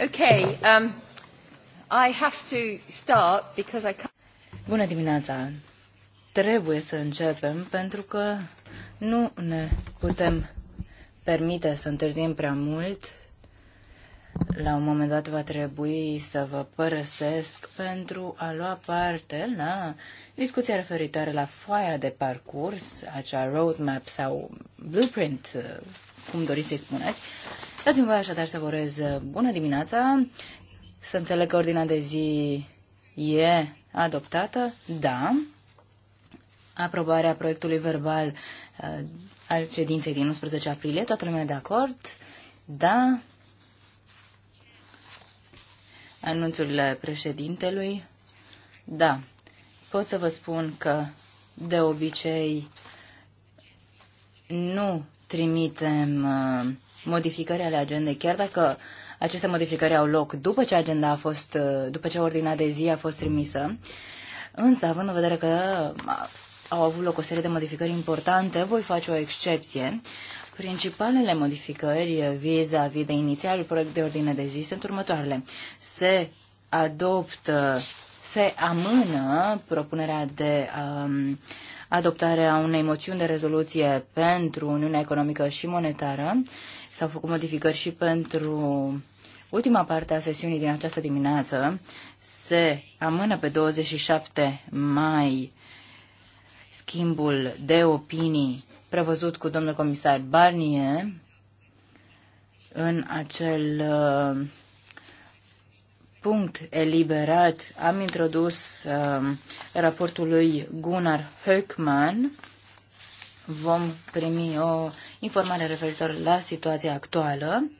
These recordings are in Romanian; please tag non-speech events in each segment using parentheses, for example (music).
Okay, um, I have to start because I can't... Bună dimineața! Trebuie să începem pentru că nu ne putem permite să întârziem prea mult. La un moment dat va trebui să vă părăsesc pentru a lua parte la discuția referitoare la foaia de parcurs, acea roadmap sau blueprint, uh, cum doriți să-i spuneți, Dați-mi voi așadar să vă urez uh, bună dimineața, să înțeleg că ordinea de zi e adoptată, da. Aprobarea proiectului verbal uh, al ședinței din 11 aprilie, toată lumea de acord, da. Anunțul președintelui, da. Pot să vă spun că de obicei nu trimitem uh, modificări ale agendei, chiar dacă aceste modificări au loc după ce agenda a fost, după ce ordinea de zi a fost trimisă. Însă, având în vedere că au avut loc o serie de modificări importante, voi face o excepție. Principalele modificări vis-a-vis -vis de inițialul proiect de ordine de zi sunt următoarele. Se adoptă, se amână propunerea de um, adoptarea unei moțiuni de rezoluție pentru Uniunea Economică și Monetară. S-au făcut modificări și pentru ultima parte a sesiunii din această dimineață. Se amână pe 27 mai schimbul de opinii prevăzut cu domnul comisar Barnier în acel uh, punct eliberat am introdus uh, raportul lui Gunnar Höckmann. Vom primi o informare referitor la situația actuală.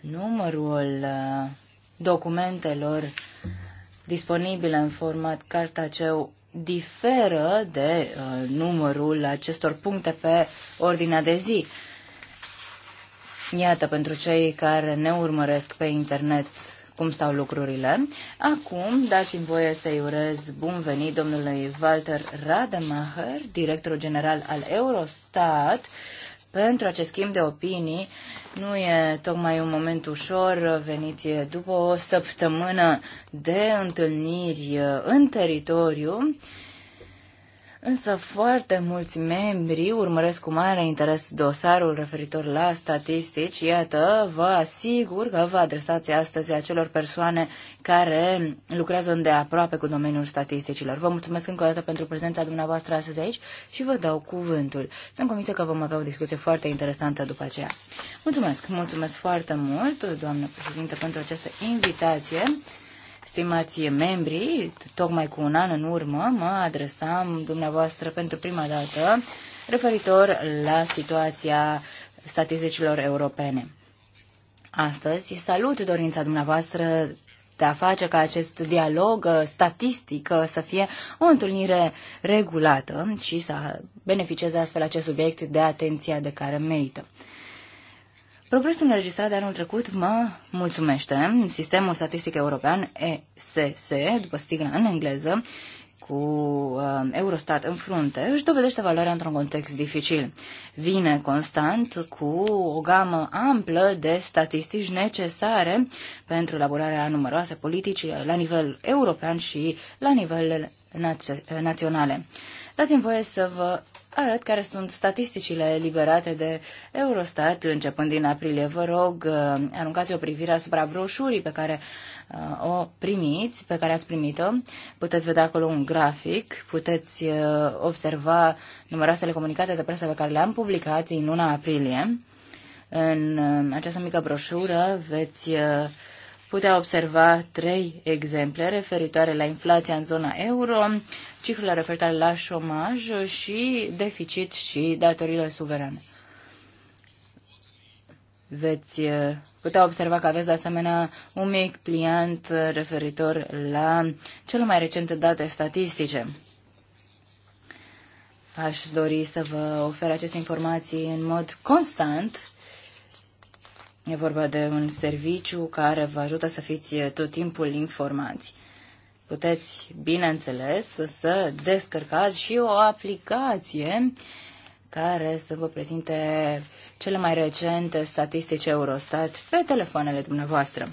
Numărul uh, documentelor disponibile în format cartaceu diferă de uh, numărul acestor puncte pe ordinea de zi. Uh, Iată, pentru cei care ne urmăresc pe internet cum stau lucrurile. Acum, dați-mi voie să-i urez bun venit domnului Walter Rademacher, directorul general al Eurostat, pentru acest schimb de opinii. Nu e tocmai un moment ușor, veniți după o săptămână de întâlniri uh, în teritoriu. Însă foarte mulți membri urmăresc cu mare interes dosarul referitor la statistici. Iată, vă asigur că vă adresați astăzi acelor persoane care lucrează îndeaproape cu domeniul statisticilor. Vă mulțumesc încă o dată pentru prezența dumneavoastră astăzi aici și vă dau cuvântul. Sunt convinsă că vom avea o discuție foarte interesantă după aceea. Mulțumesc, mulțumesc foarte mult, doamnă președinte, pentru această invitație. Stimați membri, tocmai cu un an în urmă mă adresam dumneavoastră pentru prima dată referitor la situația statisticilor europene. Astăzi salut dorința dumneavoastră de a face ca acest dialog statistic să fie o întâlnire regulată și să beneficieze astfel acest subiect de atenția de care merită. Progresul înregistrat de anul trecut mă mulțumește. Sistemul statistic european ESS, după sigla în engleză, cu uh, Eurostat în frunte, își dovedește valoarea într-un context dificil. Vine constant cu o gamă amplă de statistici necesare pentru elaborarea numeroase politici la nivel european și la nivel naționale. Dați-mi voie să vă arăt care sunt statisticile liberate de Eurostat începând din aprilie. Vă rog, uh, aruncați o privire asupra broșurii pe care uh, o primiți, pe care ați primit-o. Puteți vedea acolo un grafic, puteți uh, observa numeroasele comunicate de presă pe care le-am publicat în luna aprilie. În această mică broșură veți putea observa trei exemple referitoare la inflația în zona euro, cifrele referitoare la șomaj și deficit și datorile suverane. Veți eh, putea observa că aveți de asemenea un mic pliant referitor la cele mai recente date statistice. Aș dori să vă ofer aceste informații în mod constant E vorba de un serviciu care vă ajută să fiți tot timpul informați. Puteți, bineînțeles, să descărcați și o aplicație care să vă prezinte cele mai recente statistici Eurostat pe telefoanele dumneavoastră.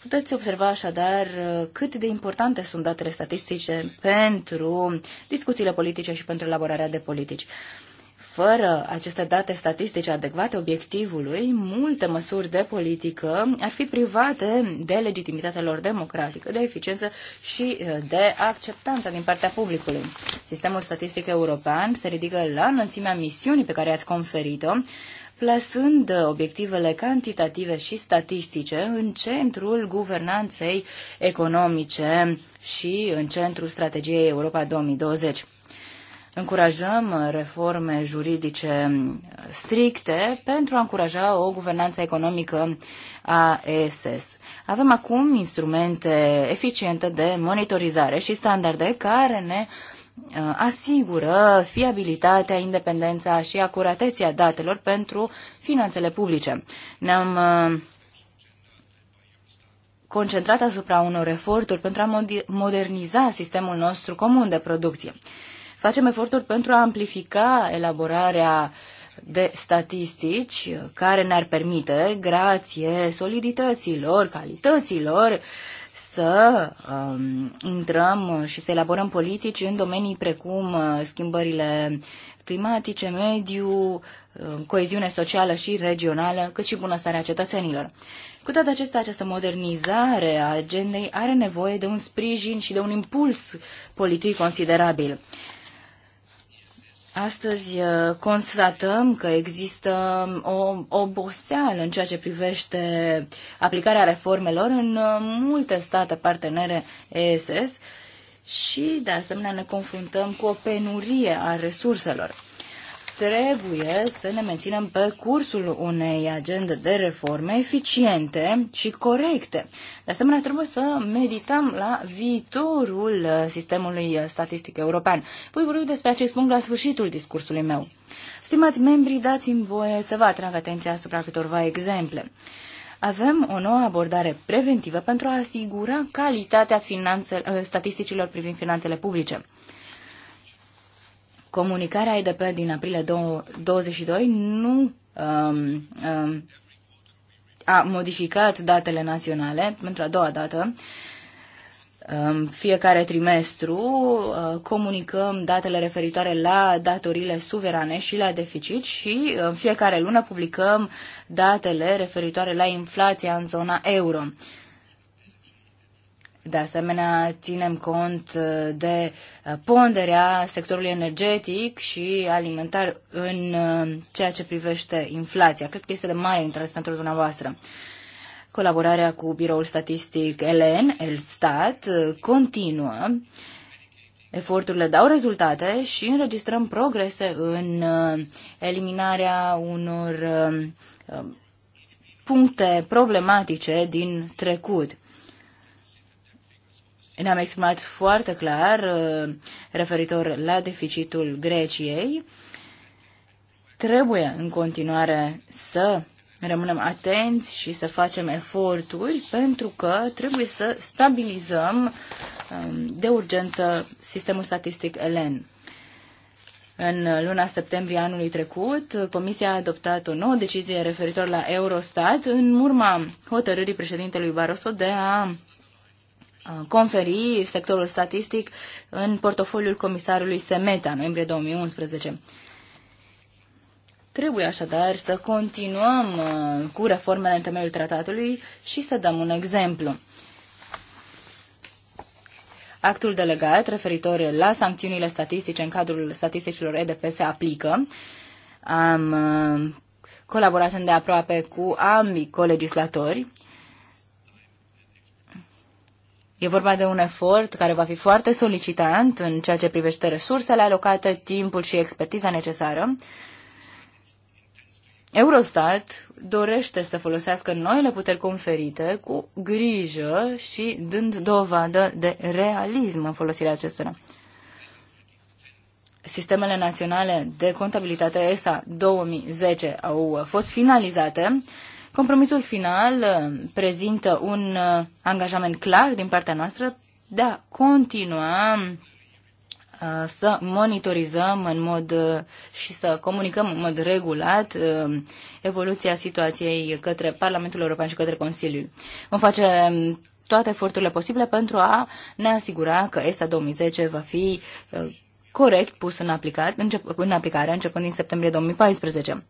Puteți observa așadar cât de importante sunt datele statistice pentru discuțiile politice și pentru elaborarea de politici. Fără aceste date statistice adecvate obiectivului, multe măsuri de politică ar fi private de legitimitatea lor democratică, de eficiență și uh, de acceptanță din partea publicului. Sistemul statistic european se ridică la înălțimea misiunii pe care ați conferit-o, plasând obiectivele cantitative și statistice în centrul guvernanței economice și în centrul strategiei Europa 2020 încurajăm uh, reforme juridice um, stricte pentru a încuraja o guvernanță economică a ESS. Avem acum instrumente eficiente de monitorizare și standarde care ne uh, asigură fiabilitatea, independența și acurateția datelor pentru finanțele publice. Ne-am uh, concentrat asupra unor eforturi pentru a moderniza sistemul nostru comun de producție. Facem eforturi pentru a amplifica elaborarea de statistici care ne-ar permite, grație solidităților, calităților, să um, intrăm și să elaborăm politici în domenii precum uh, schimbările climatice, mediu, uh, coeziune socială și regională, cât și bunăstarea cetățenilor. Cu toate acestea, această modernizare a agendei are nevoie de un sprijin și de un impuls politic considerabil. Astăzi uh, constatăm că există um, o oboseală în ceea ce privește aplicarea reformelor în uh, multe state partenere ESS și, de asemenea, ne confruntăm cu o penurie a resurselor trebuie să ne menținem pe cursul unei agende de reforme eficiente și corecte. De asemenea, trebuie să medităm la viitorul sistemului statistic european. Voi vorbi despre acest punct la sfârșitul discursului meu. Stimați membri, dați-mi voie să vă atrag atenția asupra câtorva exemple avem o nouă abordare preventivă pentru a asigura calitatea statisticilor privind finanțele publice. Comunicarea IDP din aprilie 22 nu um, um, a modificat datele naționale pentru a doua dată. Um, fiecare trimestru uh, comunicăm datele referitoare la datorile suverane și la deficit și uh, în fiecare lună publicăm datele referitoare la inflația în zona euro. Uh, de asemenea, ținem cont uh, de uh, ponderea sectorului energetic și alimentar în uh, ceea ce privește inflația. Cred că este de mare interes pentru dumneavoastră. Colaborarea cu Biroul Statistic ELEN, ELSTAT, continuă. Eforturile dau rezultate și înregistrăm progrese în eliminarea unor puncte problematice din trecut. Ne-am exprimat foarte clar uh, referitor la deficitul Greciei. Trebuie în continuare să rămânem atenți și să facem eforturi pentru că trebuie să stabilizăm um, de urgență sistemul statistic ELEN. În luna septembrie anului trecut, Comisia a adoptat o nouă decizie referitor la Eurostat în urma hotărârii președintelui Barroso de a Uh, conferi sectorul statistic în portofoliul comisarului Semeta, noiembrie 2011. Trebuie așadar să continuăm uh, cu reformele în temeiul tratatului și să dăm un exemplu. Actul delegat referitor la sancțiunile statistice în cadrul statisticilor EDP se aplică. Am uh, colaborat îndeaproape cu ambii colegislatori E vorba de un efort care va fi foarte solicitant în ceea ce privește resursele alocate, timpul și expertiza necesară. Eurostat dorește să folosească noile puteri conferite cu grijă și dând dovadă de realism în folosirea acestora. Sistemele naționale de contabilitate ESA 2010 au fost finalizate Compromisul final uh, prezintă un uh, angajament clar din partea noastră de a continua uh, să monitorizăm în mod și să comunicăm în mod regulat evoluția situației către Parlamentul European și către Consiliul. Vom face um, toate eforturile posibile pentru a ne asigura că ESA 2010 va fi corect pus în, aplicat, în aplicare începând din septembrie 2014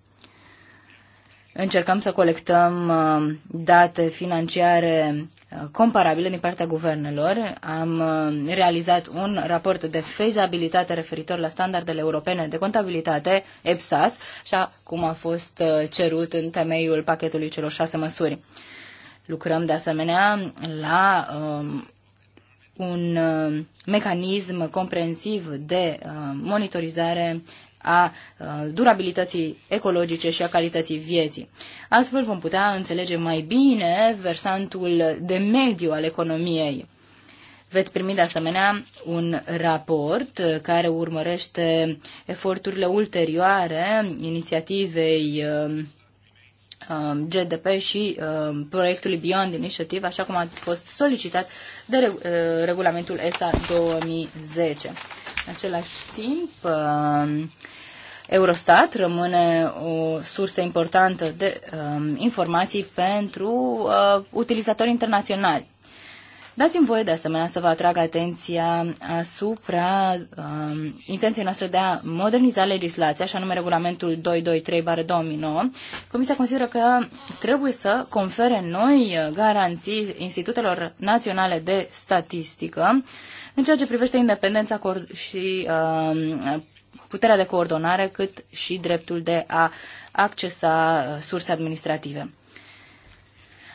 încercăm să colectăm uh, date financiare uh, comparabile din partea guvernelor. Am uh, realizat un raport de fezabilitate referitor la standardele europene de contabilitate, EPSAS, așa cum a fost cerut în temeiul pachetului celor șase măsuri. Lucrăm de asemenea la um, un mecanism comprensiv de monitorizare a durabilității ecologice și a calității vieții. Astfel vom putea înțelege mai bine versantul de mediu al economiei. Veți primi de asemenea un raport uh, care urmărește eforturile ulterioare inițiativei uh, um, GDP și um, proiectului Beyond Initiative, așa cum a fost solicitat de uh, regulamentul ESA 2010. În același timp, um, Eurostat rămâne o sursă importantă de um, informații pentru uh, utilizatori internaționali. Dați-mi voie de asemenea să vă atrag atenția asupra um, intenției noastre de a moderniza legislația, așa nume regulamentul 223-2009. Comisia consideră că trebuie să confere noi garanții institutelor naționale de statistică în ceea ce privește independența și uh, puterea de coordonare, cât și dreptul de a accesa surse administrative.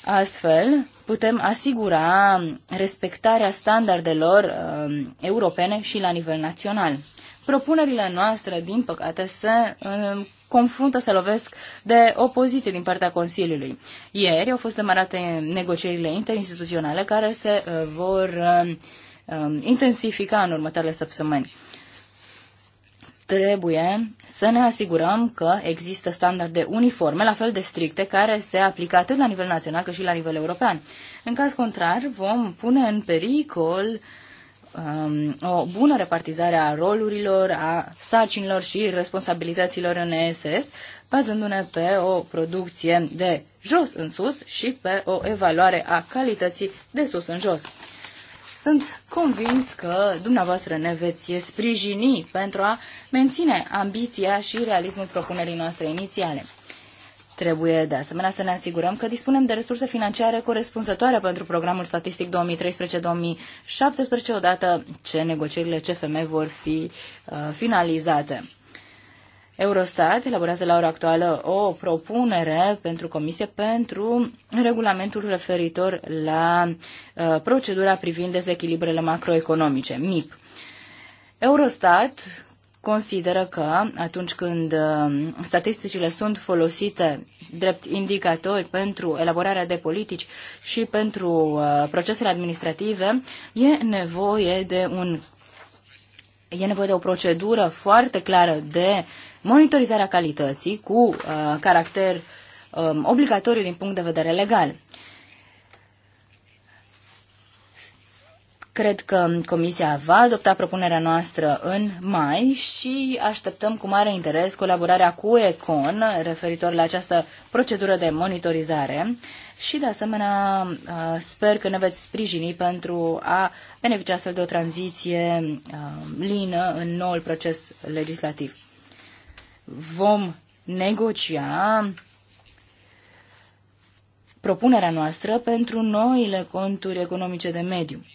Astfel, putem asigura respectarea standardelor uh, europene și la nivel național. Propunerile noastre, din păcate, se uh, confruntă, se lovesc de opoziție din partea Consiliului. Ieri au fost demarate negocierile interinstituționale care se uh, vor uh, intensifica în următoarele săptămâni trebuie să ne asigurăm că există standarde uniforme, la fel de stricte, care se aplică atât la nivel național cât și la nivel european. În caz contrar, vom pune în pericol um, o bună repartizare a rolurilor, a sarcinilor și responsabilităților în ESS, bazându-ne pe o producție de jos în sus și pe o evaluare a calității de sus în jos. Sunt convins că dumneavoastră ne veți sprijini pentru a menține ambiția și realismul propunerii noastre inițiale. Trebuie de asemenea să ne asigurăm că dispunem de resurse financiare corespunzătoare pentru programul statistic 2013-2017 odată ce negocierile CFM vor fi uh, finalizate. Eurostat elaborează la ora actuală o propunere pentru comisie pentru regulamentul referitor la uh, procedura privind dezechilibrele macroeconomice, MIP. Eurostat consideră că atunci când uh, statisticile sunt folosite drept indicatori pentru elaborarea de politici și pentru uh, procesele administrative, e nevoie de un e nevoie de o procedură foarte clară de monitorizarea calității cu uh, caracter um, obligatoriu din punct de vedere legal. Cred că Comisia va adopta propunerea noastră în mai și așteptăm cu mare interes colaborarea cu ECON referitor la această procedură de monitorizare și, de asemenea, uh, sper că ne veți sprijini pentru a beneficia astfel de o tranziție uh, lină în noul proces legislativ vom negocia propunerea noastră pentru noile conturi economice de mediu.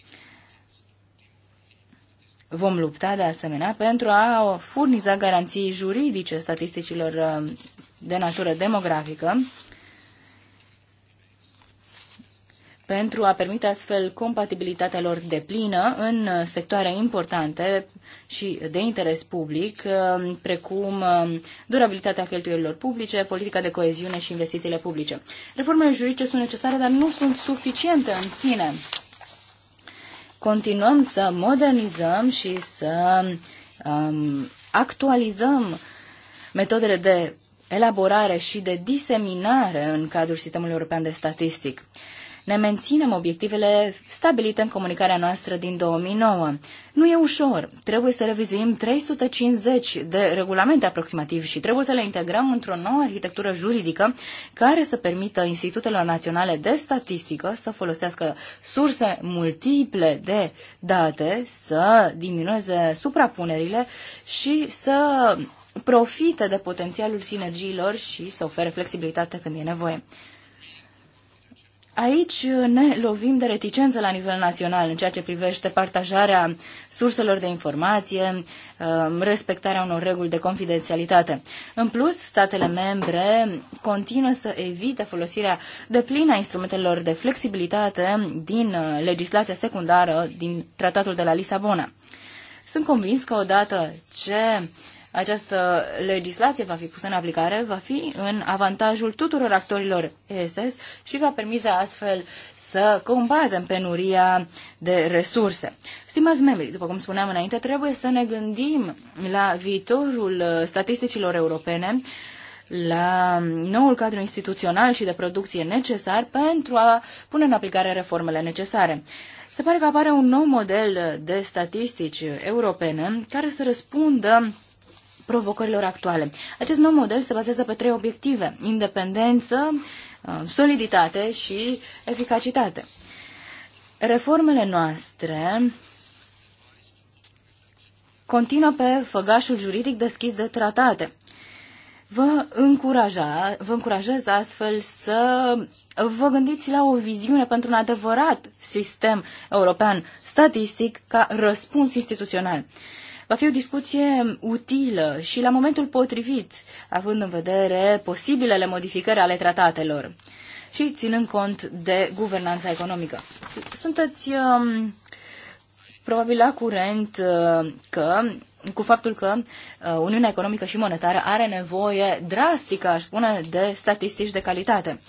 Vom lupta de asemenea pentru a furniza garanții juridice statisticilor uh, de natură demografică pentru a permite astfel compatibilitatea lor de plină în sectoare importante și de interes public, uh, precum uh, durabilitatea cheltuielilor publice, politica de coeziune și investițiile publice. Reformele juridice sunt necesare, dar nu sunt suficiente în sine. Continuăm să modernizăm și să um, actualizăm metodele de elaborare și de diseminare în cadrul sistemului european de statistic ne menținem obiectivele stabilite în comunicarea noastră din 2009. Nu e ușor. Trebuie să revizuim 350 de regulamente aproximativ și trebuie să le integrăm într-o nouă arhitectură juridică care să permită institutelor naționale de statistică să folosească surse multiple de date, să diminueze suprapunerile și să profite de potențialul sinergiilor și să ofere flexibilitate când e nevoie. Aici uh, ne lovim de reticență la nivel național în ceea ce privește partajarea surselor de informație, uh, respectarea unor reguli de confidențialitate. În plus, statele membre continuă să evite folosirea de plină a instrumentelor de flexibilitate din uh, legislația secundară din Tratatul de la Lisabona. Sunt convins că odată ce această legislație va fi pusă în aplicare, va fi în avantajul tuturor actorilor ESS și va permite astfel să combatem penuria de resurse. Stimați membri, după cum spuneam înainte, trebuie să ne gândim la viitorul uh, statisticilor europene, la noul cadru instituțional și de producție necesar pentru a pune în aplicare reformele necesare. Se pare că apare un nou model de statistici europene care să răspundă provocărilor actuale. Acest nou model se bazează pe trei obiective, independență, uh, soliditate și eficacitate. Reformele noastre continuă pe făgașul juridic deschis de tratate. Vă, încuraja, vă încurajez astfel să vă gândiți la o viziune pentru un adevărat sistem european statistic ca răspuns instituțional. Va fi o discuție utilă și la momentul potrivit, având în vedere posibilele modificări ale tratatelor și ținând cont de guvernanța economică. Sunteți um, probabil la curent uh, că cu faptul că uh, Uniunea Economică și Monetară are nevoie drastică, aș spune, de statistici de calitate.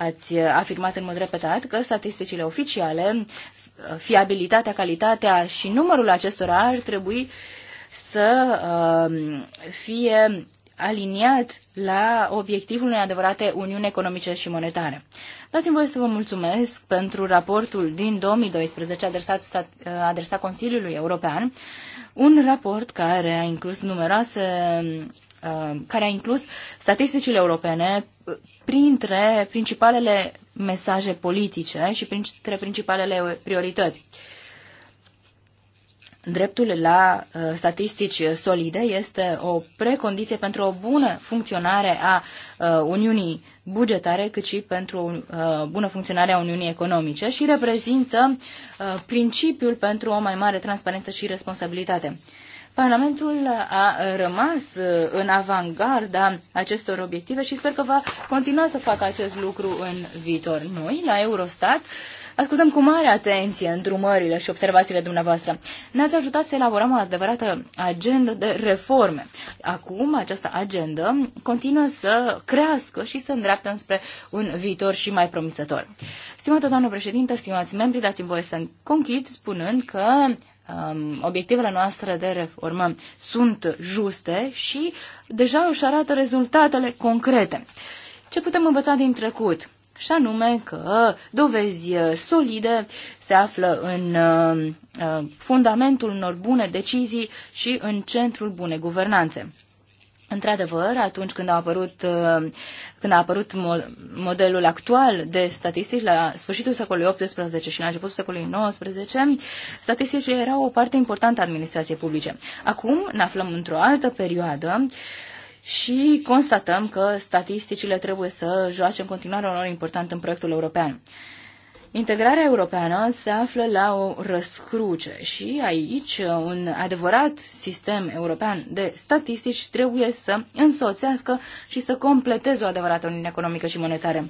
Ați afirmat în mod repetat că statisticile oficiale, fiabilitatea, calitatea și numărul acestora ar trebui să um, fie aliniat la obiectivul unei adevărate uniuni economice și monetare. Dați-mi voie să vă mulțumesc pentru raportul din 2012 adresat, uh, adresat Consiliului European, un raport care a inclus numeroase Um, care a inclus statisticile europene uh, printre principalele mesaje politice și printre principalele priorități. Dreptul la uh, statistici solide este o precondiție pentru o bună funcționare a uh, Uniunii bugetare, cât și pentru uh, bună funcționare a Uniunii economice și reprezintă uh, principiul pentru o mai mare transparență și responsabilitate. Uh, Parlamentul a rămas uh, în avangarda acestor obiective și sper că va continua să facă acest lucru în viitor. Noi, la Eurostat, Ascultăm cu mare atenție îndrumările și observațiile dumneavoastră. Ne-ați ajutat să elaborăm o adevărată agendă de reforme. Acum, această agendă continuă să crească și să îndreaptă înspre un viitor și mai promițător. Stimată doamnă președintă, stimați membri, dați-mi voie să închid spunând că um, obiectivele noastre de reformă sunt juste și deja își arată rezultatele concrete. Ce putem învăța din trecut? Și anume că dovezi solide se află în uh, uh fundamentul unor bune decizii și în centrul bune guvernanțe. Într-adevăr, atunci când a apărut, uh, când a apărut modelul actual de statistici, la sfârșitul secolului XVIII și la începutul secolului XIX, statisticile erau o parte importantă a administrației publice. Acum ne aflăm într-o altă perioadă și constatăm că statisticile trebuie să joace în continuare un rol important în proiectul european. Integrarea europeană se află la o răscruce și aici uh, un adevărat sistem european de statistici trebuie să însoțească și să completeze o adevărată uniune economică și monetară.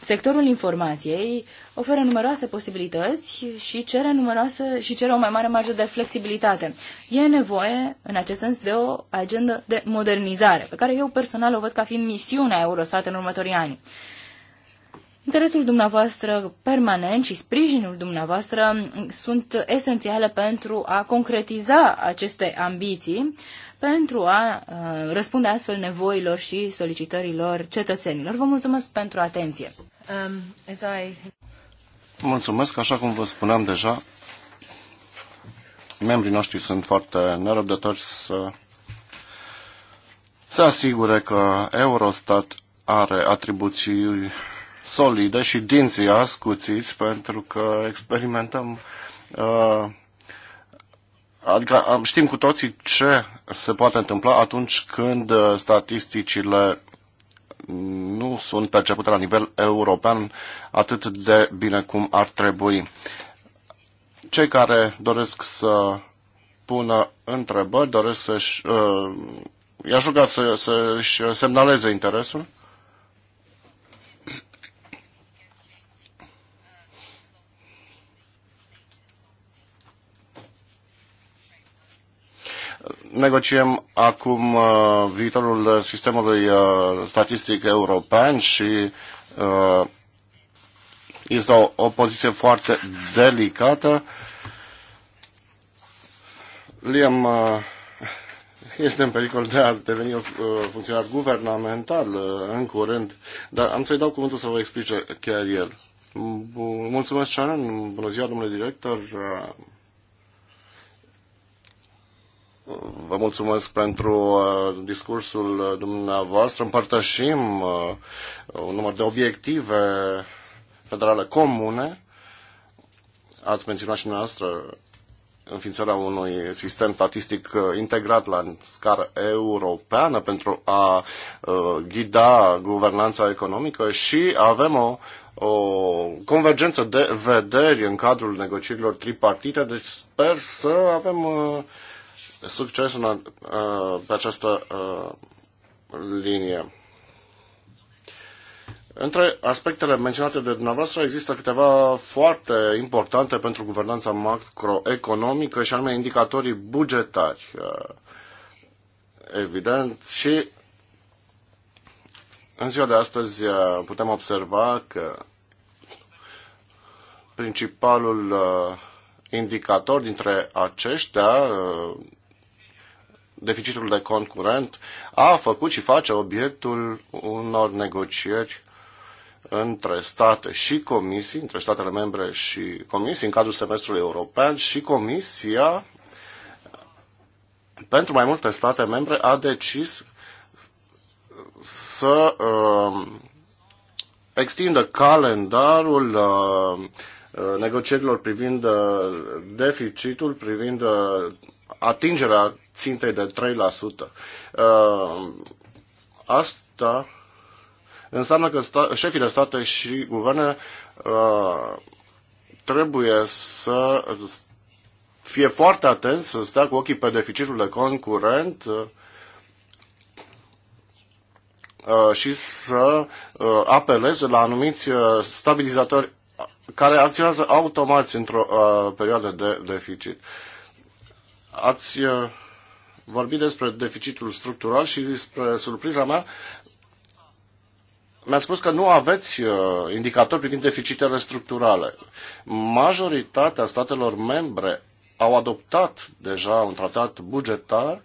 Sectorul informației oferă numeroase posibilități și cere, numeroase, și cere o mai mare marjă de flexibilitate. E nevoie, în acest sens, de o agendă de modernizare, pe care eu personal o văd ca fiind misiunea Eurostat în următorii ani. Interesul dumneavoastră permanent și sprijinul dumneavoastră sunt esențiale pentru a concretiza aceste ambiții, pentru a uh, răspunde astfel nevoilor și solicitărilor cetățenilor. Vă mulțumesc pentru atenție. Um, I... Mulțumesc, așa cum vă spuneam deja, membrii noștri sunt foarte nerăbdători să se asigure că Eurostat are atribuții solide și dinții ascuțiți pentru că experimentăm uh, Adică știm cu toții ce se poate întâmpla atunci când uh, statisticile nu sunt percepute la nivel european atât de bine cum ar trebui. Cei care doresc să pună întrebări, doresc să-și. Uh, i-aș ruga să, să-și semnaleze interesul. negociem acum uh, viitorul sistemului uh, statistic european și uh, este o, o poziție foarte delicată. Liam este în pericol de a deveni funcționar guvernamental în curând, dar am să-i dau cuvântul să vă explice chiar el. Mulțumesc, Sharon. Bună ziua, domnule director. Vă mulțumesc pentru uh, discursul uh, dumneavoastră. Împărtășim uh, un număr de obiective federale comune. Ați menționat și noastră înființarea unui sistem statistic integrat la scară europeană pentru a ghida guvernanța economică și avem o, o convergență de vederi în cadrul negocierilor tripartite, deci sper să avem succes în, uh, pe această uh, linie. Între aspectele menționate de dumneavoastră există câteva foarte importante pentru guvernanța macroeconomică și anume indicatorii bugetari, evident, și în ziua de astăzi putem observa că principalul indicator dintre aceștia deficitul de cont curent a făcut și face obiectul unor negocieri între state și comisii, între statele membre și comisii, în cadrul semestrului european și comisia pentru mai multe state membre a decis să uh, extindă calendarul uh, uh negocierilor privind uh, deficitul, privind uh, atingerea țintei de 3%. Uh, asta înseamnă că sta- șefii de state și guverne uh, trebuie să fie foarte atenți, să stea cu ochii pe deficitul de concurent uh, și să apeleze la anumiți stabilizatori care acționează automat într-o perioadă de deficit. Ați vorbit despre deficitul structural și despre surpriza mea, mi-ați spus că nu aveți uh, indicatori privind deficitele structurale. Majoritatea statelor membre au adoptat deja un tratat bugetar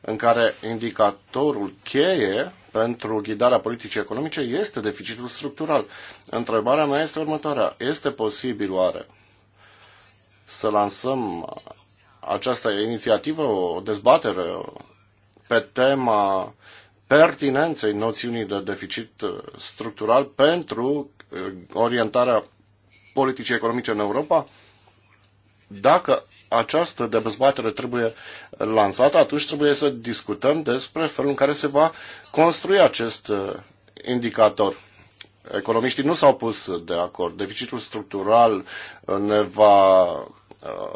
în care indicatorul cheie pentru ghidarea politicii economice este deficitul structural. Întrebarea mea este următoarea. Este posibil oare să lansăm această inițiativă o dezbatere pe tema pertinenței noțiunii de deficit structural pentru uh, orientarea politicii economice în Europa, dacă această dezbatere trebuie lansată, atunci trebuie să discutăm despre felul în care se va construi acest uh, indicator. Economiștii nu s-au pus de acord. Deficitul structural ne va uh,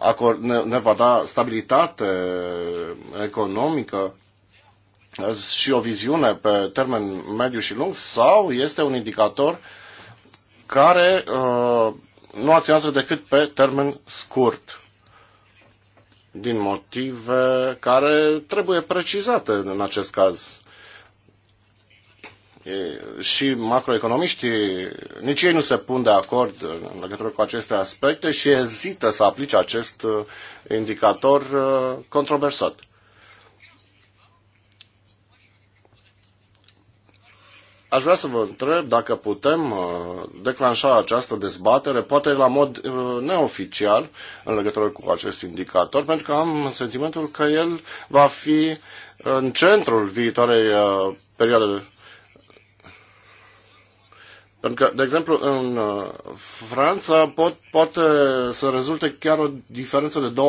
acord, ne, ne va da stabilitate economică și o viziune pe termen mediu și lung sau este un indicator care uh, nu acționează decât pe termen scurt din motive care trebuie precizate în acest caz și macroeconomiștii, nici ei nu se pun de acord în legătură cu aceste aspecte și ezită să aplice acest uh, indicator uh, controversat. Aș vrea să vă întreb dacă putem uh, declanșa această dezbatere, poate la mod neoficial, în legătură cu acest indicator, pentru că am sentimentul că el va fi în centrul viitoarei perioade pentru că, de exemplu, în uh, Franța pot, poate să rezulte chiar o diferență de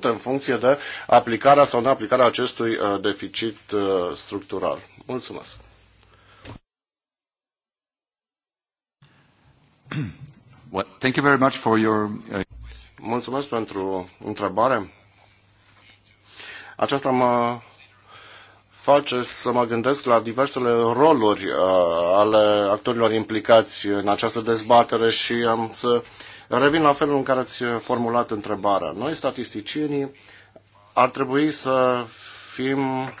2% în funcție de aplicarea sau neaplicarea acestui uh, deficit uh, structural. Mulțumesc! thank you very much for your... Mulțumesc pentru întrebare. Aceasta mă face să mă gândesc la diversele roluri uh, ale actorilor implicați în această dezbatere și am să revin la felul în care ați formulat întrebarea. Noi, statisticienii, ar trebui să fim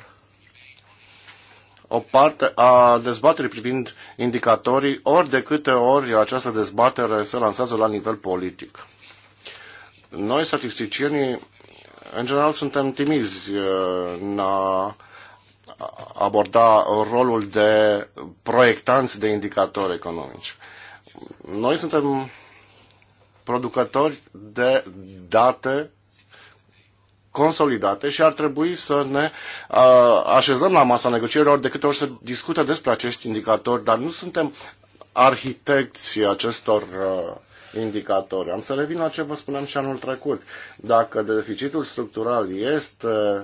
o parte a dezbaterii privind indicatorii, ori de câte ori această dezbatere se lansează la nivel politic. Noi, statisticienii, în general, suntem timizi uh, în a aborda rolul de proiectanți de indicatori economici. Noi suntem producători de date consolidate și ar trebui să ne uh, așezăm la masa negocierilor de câte ori se discută despre acești indicatori, dar nu suntem arhitecții acestor uh, indicatori. Am să revin la ce vă spuneam și anul trecut. Dacă deficitul structural este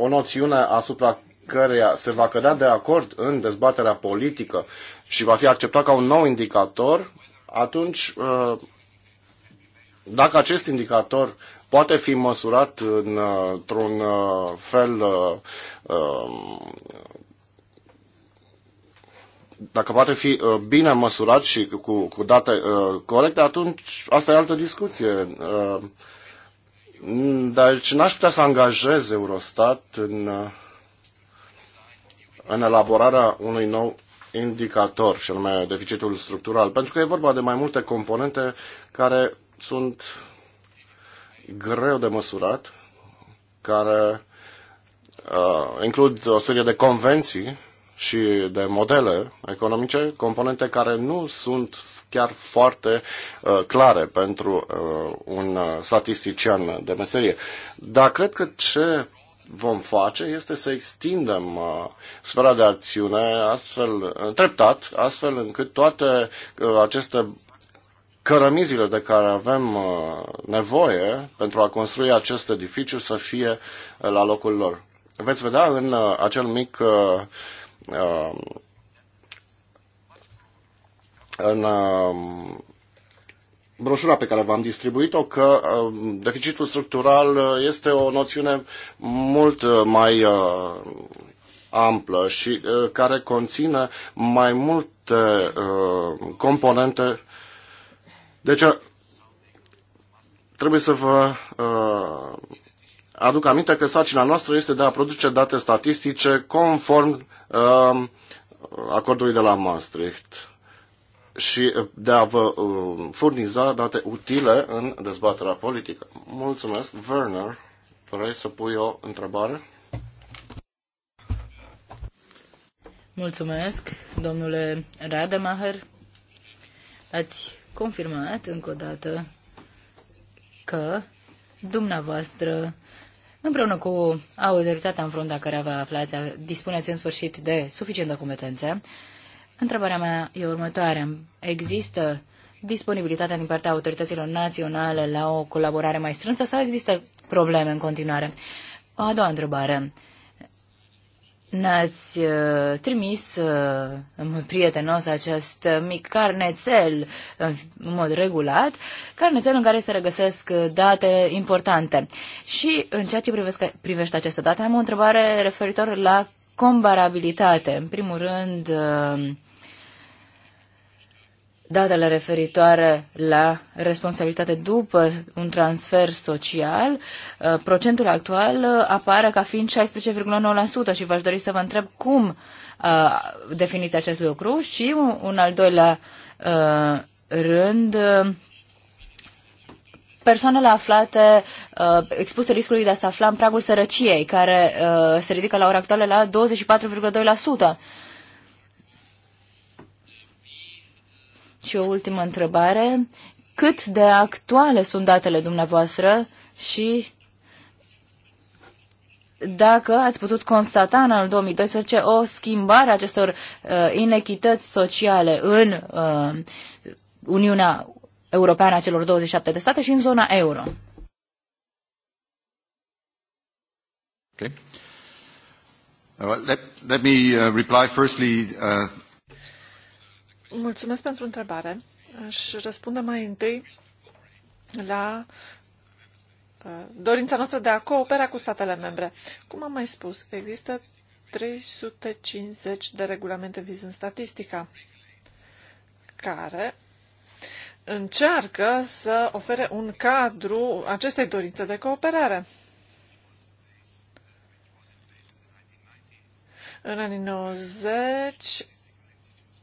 o noțiune asupra căreia se va cădea de acord în dezbaterea politică și va fi acceptat ca un nou indicator, atunci uh, dacă acest indicator poate fi măsurat uh, într-un uh, fel um, dacă poate fi bine măsurat și cu, cu date corecte, atunci asta e altă discuție. Deci n-aș putea să angajez Eurostat în, uh, în elaborarea unui nou indicator, și anume deficitul structural, pentru că e vorba de mai multe componente care sunt greu de măsurat, care uh, includ o serie de convenții și de modele economice, componente care nu sunt chiar foarte uh, clare pentru uh, un statistician de meserie. Dar cred că ce vom face este să extindem uh, sfera de acțiune astfel uh, treptat, astfel încât toate uh, aceste cărămizile de care avem uh, nevoie pentru a construi acest edificiu să fie uh, la locul lor. Veți vedea în uh, acel mic uh, Um, în um, broșura pe care v-am distribuit-o că um, deficitul structural uh, este o noțiune mult uh, mai uh, amplă și care conține mai multe componente. Deci trebuie să vă aduc aminte că sarcina noastră este de a produce date statistice conform Um, acordului de la Maastricht și uh, de a vă um, furniza date utile în dezbaterea politică. Mulțumesc. Werner, vrei să pui o întrebare? Mulțumesc, domnule Rademacher. Ați confirmat încă o dată că dumneavoastră Împreună cu autoritatea în fruntea care vă aflați, dispuneți în sfârșit de suficientă competență. Întrebarea mea e următoarea. Există disponibilitatea din partea autorităților naționale la o colaborare mai strânsă sau există probleme în continuare? O a doua întrebare. Uh, ne-ați uh, trimis uh, prietenos acest mic carnețel în mod regulat, carnețel în care se regăsesc uh, date importante. Și în ceea ce privesc, privește aceste date, am o întrebare referitor la comparabilitate. În primul rând, datele referitoare la responsabilitate după un transfer social, uh, procentul actual uh, apare ca fiind 16,9% și v-aș dori să vă întreb cum uh, definiți acest lucru și un al doilea rând persoanele aflate uh, expuse riscului de a se afla în pragul sărăciei, care uh, se ridică la ora actuală la 24,2%. Și o ultimă întrebare. Cât de actuale sunt datele dumneavoastră și dacă ați putut constata în anul 2012 o schimbare acestor uh, inechități sociale în uh, Uniunea Europeană a celor 27 de state și în zona euro. Okay. Uh, let, let me uh, reply firstly uh, Mulțumesc pentru întrebare. Aș răspunde mai întâi la uh, dorința noastră de a coopera cu statele membre. Cum am mai spus, există 350 de regulamente vizând statistica care încearcă să ofere un cadru acestei dorințe de cooperare. În anii 90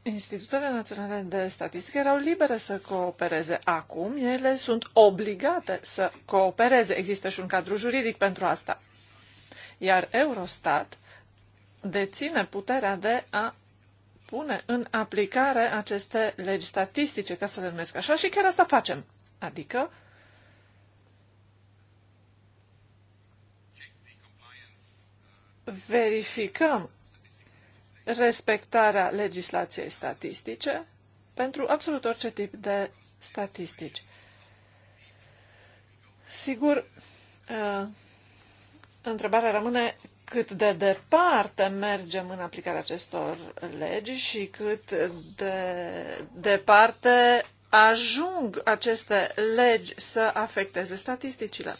Institutele Naționale de Statistică erau libere să coopereze. Acum ele sunt obligate să coopereze. Există și un cadru juridic pentru asta. Iar Eurostat deține puterea de a pune în aplicare aceste legi statistice, ca să le numesc așa, și chiar asta facem. Adică verificăm respectarea legislației statistice pentru absolut orice tip de statistici. Sigur, uh, întrebarea rămâne cât de departe mergem în aplicarea acestor legi și cât de departe ajung aceste legi să afecteze statisticile.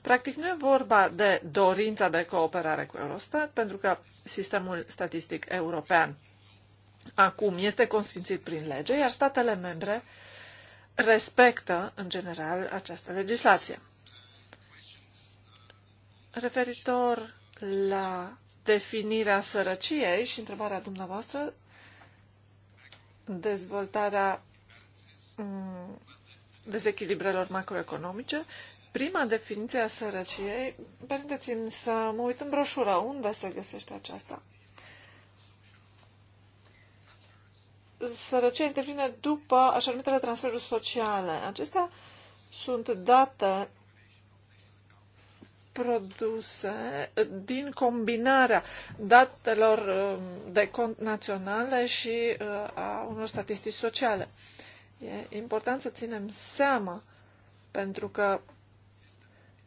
Practic nu e vorba de dorința de cooperare cu Eurostat, pentru că sistemul statistic european acum este consfințit prin lege, iar statele membre respectă, în general, această legislație. Referitor la definirea sărăciei și întrebarea dumneavoastră, dezvoltarea Mm, dezechilibrelor macroeconomice. Prima definiție a sărăciei, permiteți-mi să mă uit în broșura, unde se găsește aceasta? Sărăcia intervine după așa numitele transferuri sociale. Acestea sunt date produse eh, din combinarea datelor eh, de cont naționale și eh, a unor statistici sociale. E important să ținem seama, pentru că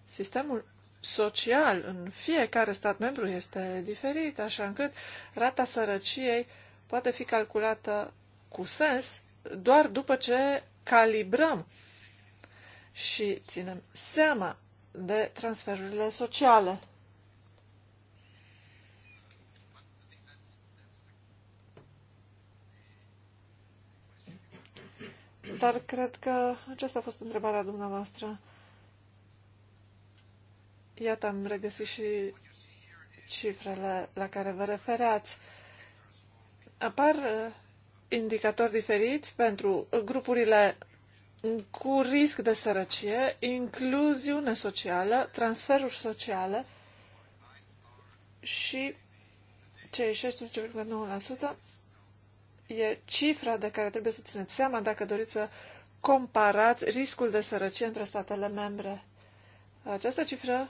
sistemul social în fiecare stat membru este diferit, așa încât rata sărăciei poate fi calculată cu sens doar după ce calibrăm și ținem seama de transferurile sociale. Dar cred că aceasta a fost întrebarea dumneavoastră. Iată, am regăsit și cifrele la care vă refereați. Apar uh, indicatori diferiți pentru grupurile cu risc de sărăcie, incluziune socială, transferuri sociale și cei 16,9% e cifra de care trebuie să țineți seama dacă doriți să comparați riscul de sărăcie între statele membre. Această cifră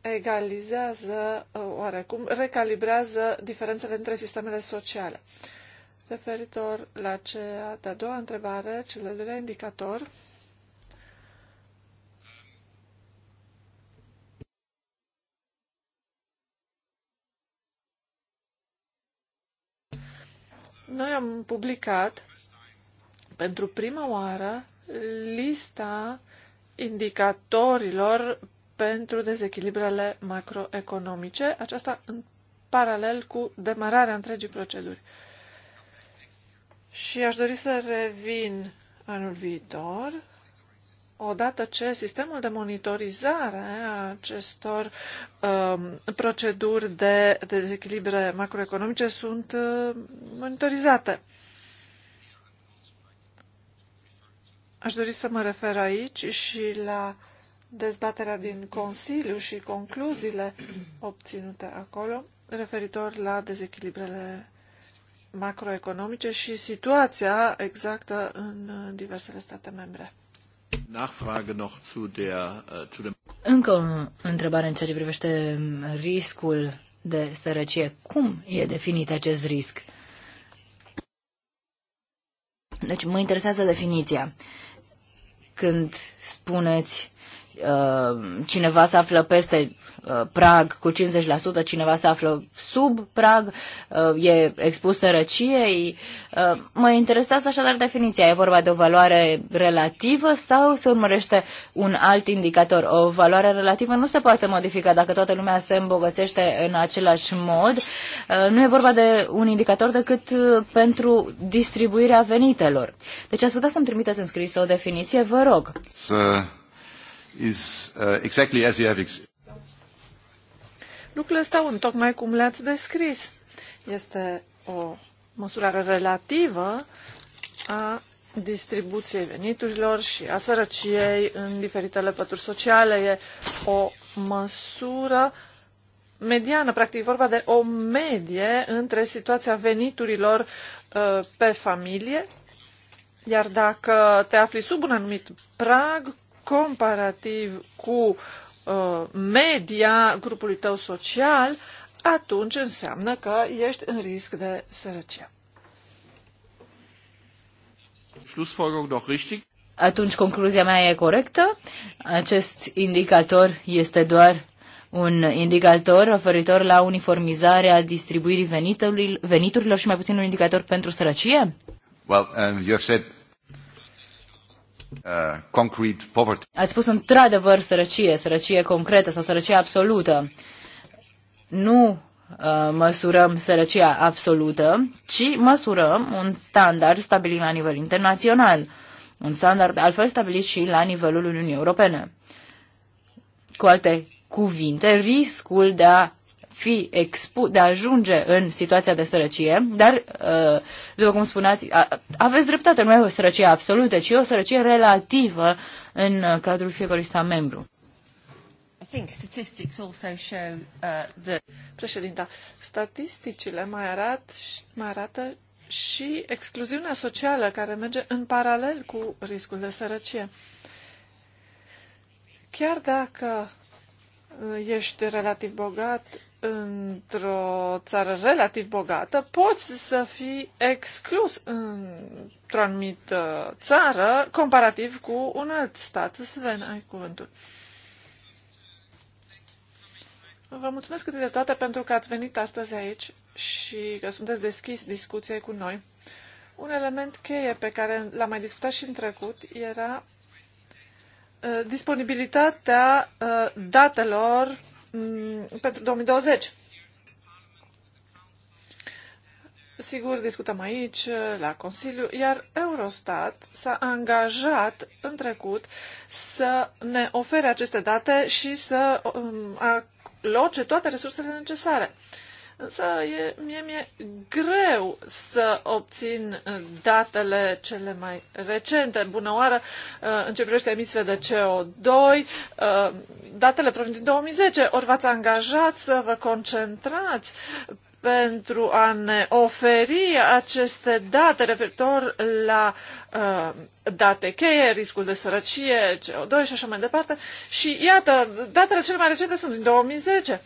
egalizează, uh, oarecum, recalibrează diferențele între sistemele sociale. Referitor la cea de-a doua întrebare, cel de-al doilea indicator, Noi am publicat pentru prima oară lista indicatorilor pentru dezechilibrele macroeconomice, aceasta în paralel cu demararea întregii proceduri. Și aș dori să revin anul viitor odată ce sistemul de monitorizare a acestor um, proceduri de, de dezechilibre macroeconomice sunt uh, monitorizate. Aș dori să mă refer aici și la dezbaterea din Consiliu și concluziile obținute acolo referitor la dezechilibrele macroeconomice și situația exactă în uh, diversele state membre. Äh, Încă o întrebare în ceea ce privește riscul de sărăcie. Cum e definit acest risc? Deci mă interesează definiția. Când spuneți Uh, cineva se află peste uh, prag cu 50%, cineva se află sub prag, uh, e expus sărăciei. Mă interesează așadar definiția. E vorba de o valoare relativă sau se urmărește un alt indicator? O valoare relativă nu se poate modifica dacă toată lumea se îmbogățește în același mod. Nu e vorba de un indicator decât pentru distribuirea venitelor. Deci ați putea să-mi trimiteți în scris o definiție, vă rog. Să Uh, Lucrurile stau în tocmai cum le-ați descris. Este o măsurare relativă a distribuției veniturilor și a sărăciei în diferitele pături sociale. E o măsură mediană, practic vorba de o medie între situația veniturilor uh, pe familie, iar dacă te afli sub un anumit prag, comparativ cu uh, media grupului tău social, atunci înseamnă că ești în risc de sărăcie. Atunci concluzia mea e corectă. Acest indicator este doar un indicator referitor la uniformizarea distribuirii veniturilor și mai puțin un indicator pentru sărăcie? Well, um, you have said ai uh, concrete poverty. Ați spus într-adevăr sărăcie, sărăcie concretă sau sărăcie absolută. Nu uh, măsurăm sărăcia absolută, ci măsurăm un standard stabilit la nivel internațional, un standard altfel stabilit și la nivelul Uniunii Europene. Cu alte cuvinte, riscul de a fi expu- de a ajunge în situația de sărăcie, dar, uh, după cum spuneați, aveți dreptate, nu e o sărăcie absolută, ci o sărăcie relativă în uh, cadrul fiecărui stat membru. Uh, Președinta, statisticile mai, arat, mai arată și excluziunea socială care merge în paralel cu riscul de sărăcie. Chiar dacă ești relativ bogat, într-o țară relativ bogată, poți să fii exclus într-o anumită țară comparativ cu un alt stat. Sven, ai cuvântul. Vă mulțumesc câte de toate pentru că ați venit astăzi aici și că sunteți deschis discuției cu noi. Un element cheie pe care l-am mai discutat și în trecut era uh, disponibilitatea uh, datelor Mm, pentru 2020. Sigur, discutăm aici, la Consiliu, iar Eurostat s-a angajat în trecut să ne ofere aceste date și să um, aloce toate resursele necesare. Uh, Însă e, mie mi-e greu să obțin uh, datele cele mai recente. Bună oară, uh, în ce privește emisiile de CO2, uh, datele provin din 2010, ori v-ați angajat să vă concentrați pentru a ne oferi aceste date referitor la uh, date cheie, riscul de sărăcie, CO2 și așa mai departe. Și iată, datele cele mai recente sunt din 2010.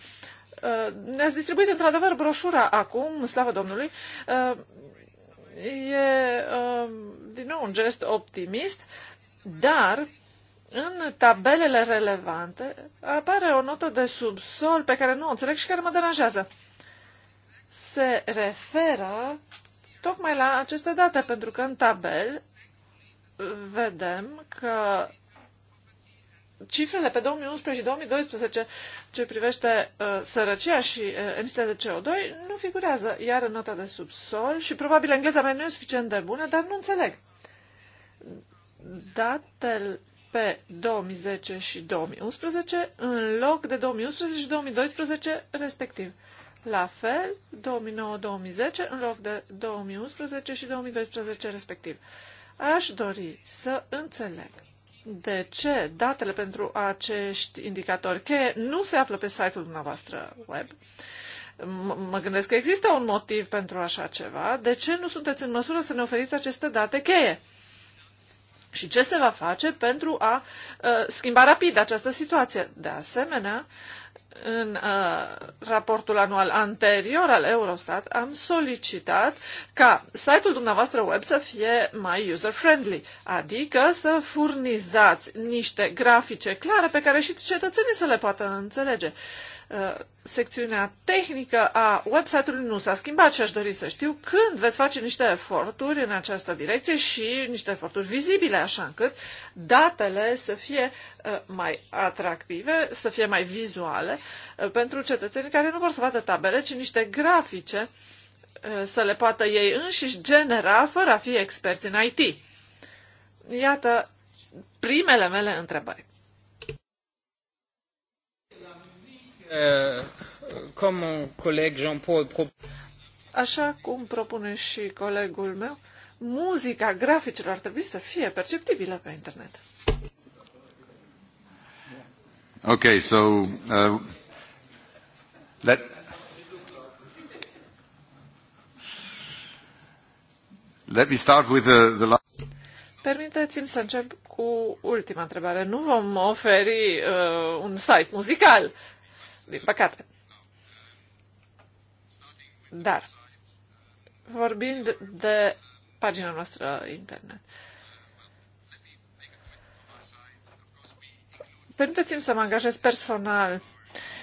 Uh, ne-ați distribuit într-adevăr broșura acum, slavă Domnului. Uh, e uh, din nou un gest optimist, dar în tabelele relevante apare o notă de subsol pe care nu o înțeleg și care mă deranjează. Se referă tocmai la aceste date, pentru că în tabel vedem că cifrele pe 2011 și 2012 ce privește uh, sărăcia și uh, emisiile de CO2 nu figurează, iar în nota de subsol și probabil engleza mea nu e suficient de bună, dar nu înțeleg. Datele pe 2010 și 2011 în loc de 2011 și 2012 respectiv. La fel, 2009-2010 în loc de 2011 și 2012 respectiv. Aș dori să înțeleg de ce datele pentru acești indicatori cheie nu se află pe site-ul dumneavoastră web. mă gândesc că există un motiv pentru așa ceva. De ce nu sunteți în măsură să ne oferiți aceste date cheie? Și ce se va face pentru a uh, schimba rapid această situație? De asemenea, uh, în uh, raportul anual anterior al Eurostat, am solicitat ca site-ul dumneavoastră web să fie mai user-friendly, adică să furnizați niște grafice clare pe care și cetățenii să le poată înțelege. Uh, Uh, secțiunea tehnică a website-ului nu s-a schimbat și aș dori să știu când veți face niște eforturi în această direcție și niște eforturi vizibile, așa încât datele să fie uh, mai atractive, să fie mai vizuale uh, pentru cetățenii care nu vor să vadă tabele, ci niște grafice să le poată ei înșiși genera fără a fi experți în IT. Iată primele mele întrebări. Eh, Așa cum propune și colegul meu, muzica graficilor ar trebui să fie perceptibilă pe internet. Okay, so uh, let let me start with the, the last Permiteți-mi să încep cu ultima întrebare. Nu vom oferi uh, un site muzical, din păcate. Dar, vorbind de pagina noastră internet, permiteți-mi să mă angajez personal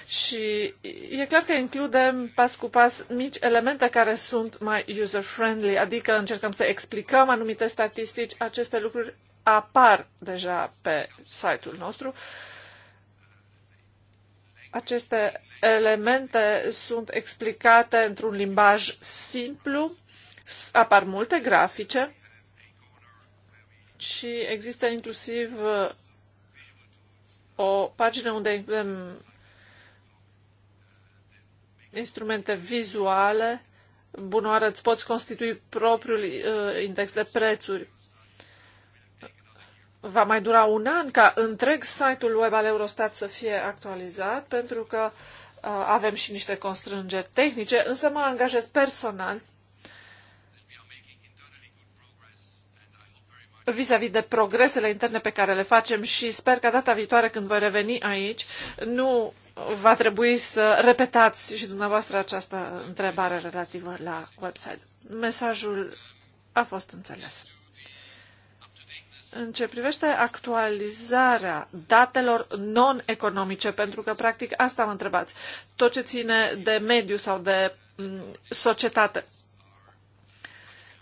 și e clar că includem pas cu pas mici elemente care sunt mai user-friendly, adică încercăm să explicăm anumite statistici, aceste lucruri apar deja pe site-ul nostru. Uh, aceste elemente sunt explicate într-un limbaj simplu, apar multe grafice și există inclusiv uh, o pagină unde avem um, instrumente vizuale. Bunoară, îți poți constitui propriul uh, index de prețuri va mai dura un an ca întreg site-ul web al Eurostat să fie actualizat, pentru că uh, avem și niște constrângeri tehnice, însă mă angajez personal vis-a-vis -vis de progresele interne pe care le facem și sper că data viitoare când voi reveni aici nu va trebui să repetați și dumneavoastră această întrebare relativă la website. Mesajul a fost înțeles în ce privește actualizarea datelor non-economice, pentru că, practic, asta mă întrebați, tot ce ține de mediu sau de societate.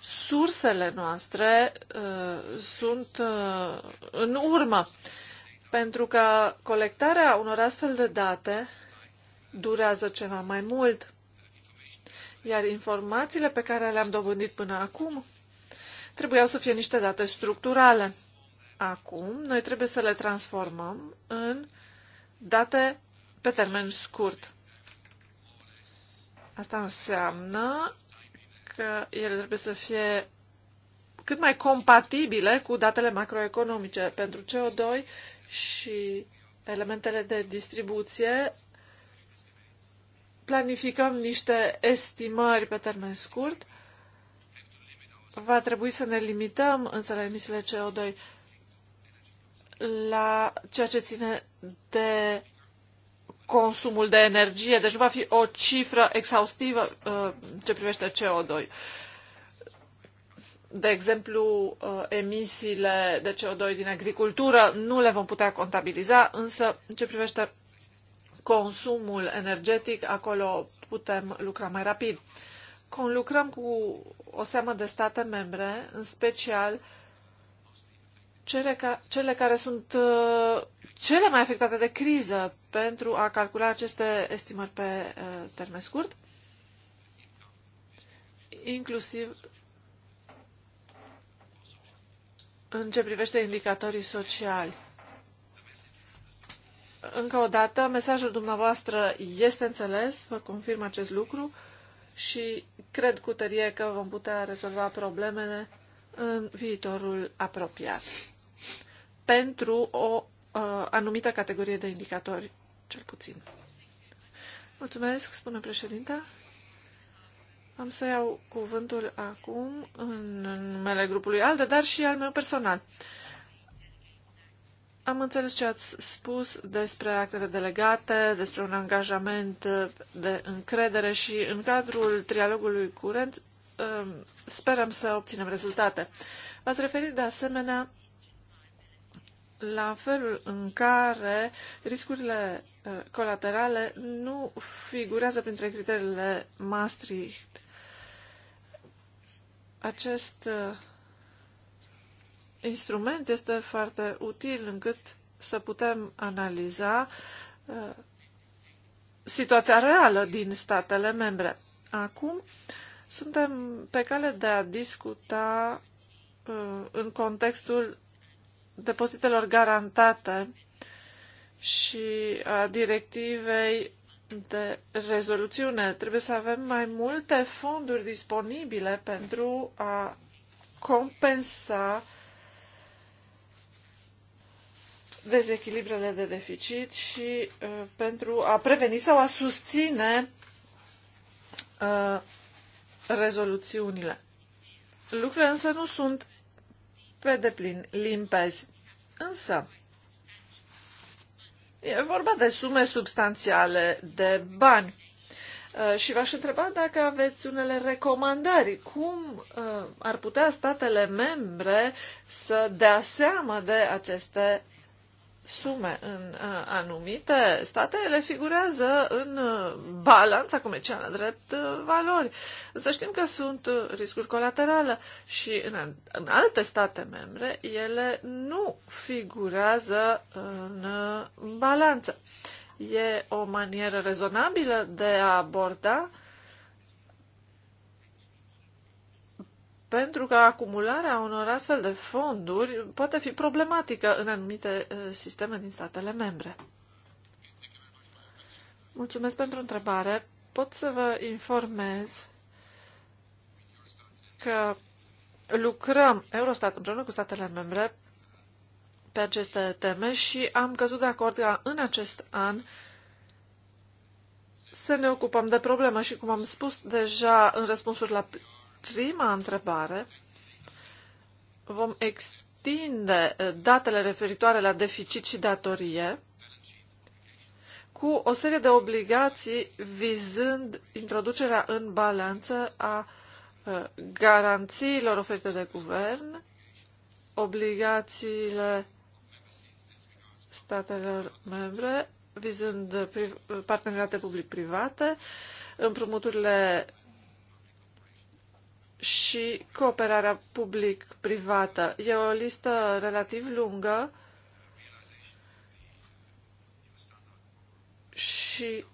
Sursele noastre uh, sunt uh, în urmă, pentru că colectarea unor astfel de date durează ceva mai mult, iar informațiile pe care le-am dobândit până acum trebuiau să fie niște date structurale. Acum, noi trebuie să le transformăm în date pe termen scurt. Asta înseamnă că ele trebuie să fie cât mai compatibile cu datele macroeconomice pentru CO2 și elementele de distribuție. Planificăm niște estimări pe termen scurt va trebui să ne limităm însă la emisiile CO2 la ceea ce ține de consumul de energie, deci nu va fi o cifră exhaustivă uh, ce privește CO2. De exemplu, uh, emisiile de CO2 din agricultură nu le vom putea contabiliza, însă ce privește consumul energetic, acolo putem lucra mai rapid. Conlucrăm cu o seamă de state membre, în special cele, ca, cele care sunt uh, cele mai afectate de criză pentru a calcula aceste estimări pe uh, termen scurt, inclusiv în ce privește indicatorii sociali. Încă o dată, mesajul dumneavoastră este înțeles, vă confirm acest lucru. Uh, și cred cu tărie că vom putea rezolva problemele în viitorul apropiat pentru o uh, anumită categorie de indicatori, cel puțin. Mulțumesc, spune președinta. Am să iau cuvântul acum în numele grupului ALDE, dar și al meu personal. Uh, am înțeles ce ați spus despre actele delegate, despre un angajament de încredere și în cadrul trialogului curent um, sperăm să obținem rezultate. V-ați referit de asemenea la felul în care riscurile uh, colaterale nu figurează printre criteriile Maastricht. Acest uh, instrument este foarte util încât să putem analiza uh, situația reală din statele membre. Acum suntem pe cale de a discuta uh, în contextul depozitelor garantate și a directivei de rezoluțiune. Trebuie să avem mai multe fonduri disponibile pentru a compensa uh, dezechilibrele de deficit și uh, pentru a preveni sau a susține uh, rezoluțiunile. Lucrurile însă nu sunt pe deplin limpezi. Însă, e vorba de sume substanțiale de bani. Uh, și v-aș întreba dacă aveți unele recomandări. Cum uh, ar putea statele membre să dea seama de aceste sume în uh, anumite state, le figurează în uh, balanța comercială drept uh, valori. Să știm că sunt riscuri colaterale și în, în alte state membre ele nu figurează în balanță. E o manieră rezonabilă de a aborda uh, pentru că acumularea unor astfel de fonduri poate fi problematică în anumite uh, sisteme din statele membre. Mulțumesc pentru întrebare. Pot să vă informez că lucrăm Eurostat împreună cu statele membre pe aceste teme și am căzut de acord ca în acest an să ne ocupăm de problemă și, cum am spus deja în răspunsuri la prima întrebare, vom extinde eh, datele referitoare la deficit și datorie cu o serie de obligații vizând introducerea în balanță a eh, garanțiilor oferite de guvern, obligațiile statelor membre, vizând eh, parteneriate public-private, împrumuturile și cooperarea public-privată. E o listă relativ lungă și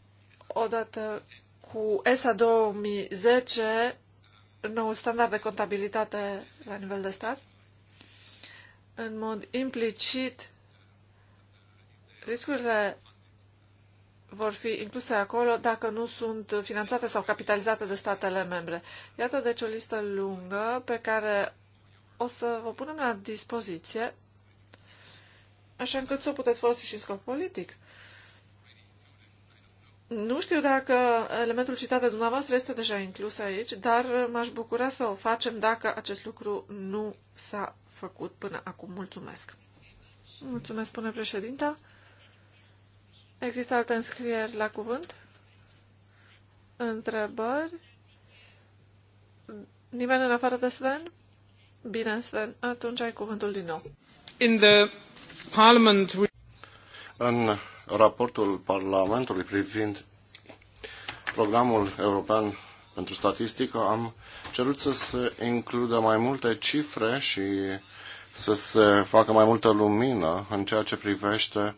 odată cu ESA 2010, nou standard de contabilitate la nivel de stat, în mod implicit, riscurile vor fi incluse acolo dacă nu sunt finanțate sau capitalizate de statele membre. Iată deci o listă lungă pe care o să vă punem la dispoziție, așa încât să o puteți folosi și în scop politic. Nu știu dacă elementul citat de dumneavoastră este deja inclus aici, dar m-aș bucura să o facem dacă acest lucru nu s-a făcut până acum. Mulțumesc! Mulțumesc, spune președinta. Există alte înscrieri la cuvânt? Întrebări? Nimeni în afară de Sven? Bine, Sven, atunci ai cuvântul din nou. In the parliament... În raportul Parlamentului privind programul european pentru statistică am cerut să se includă mai multe cifre și să se facă mai multă lumină în ceea ce privește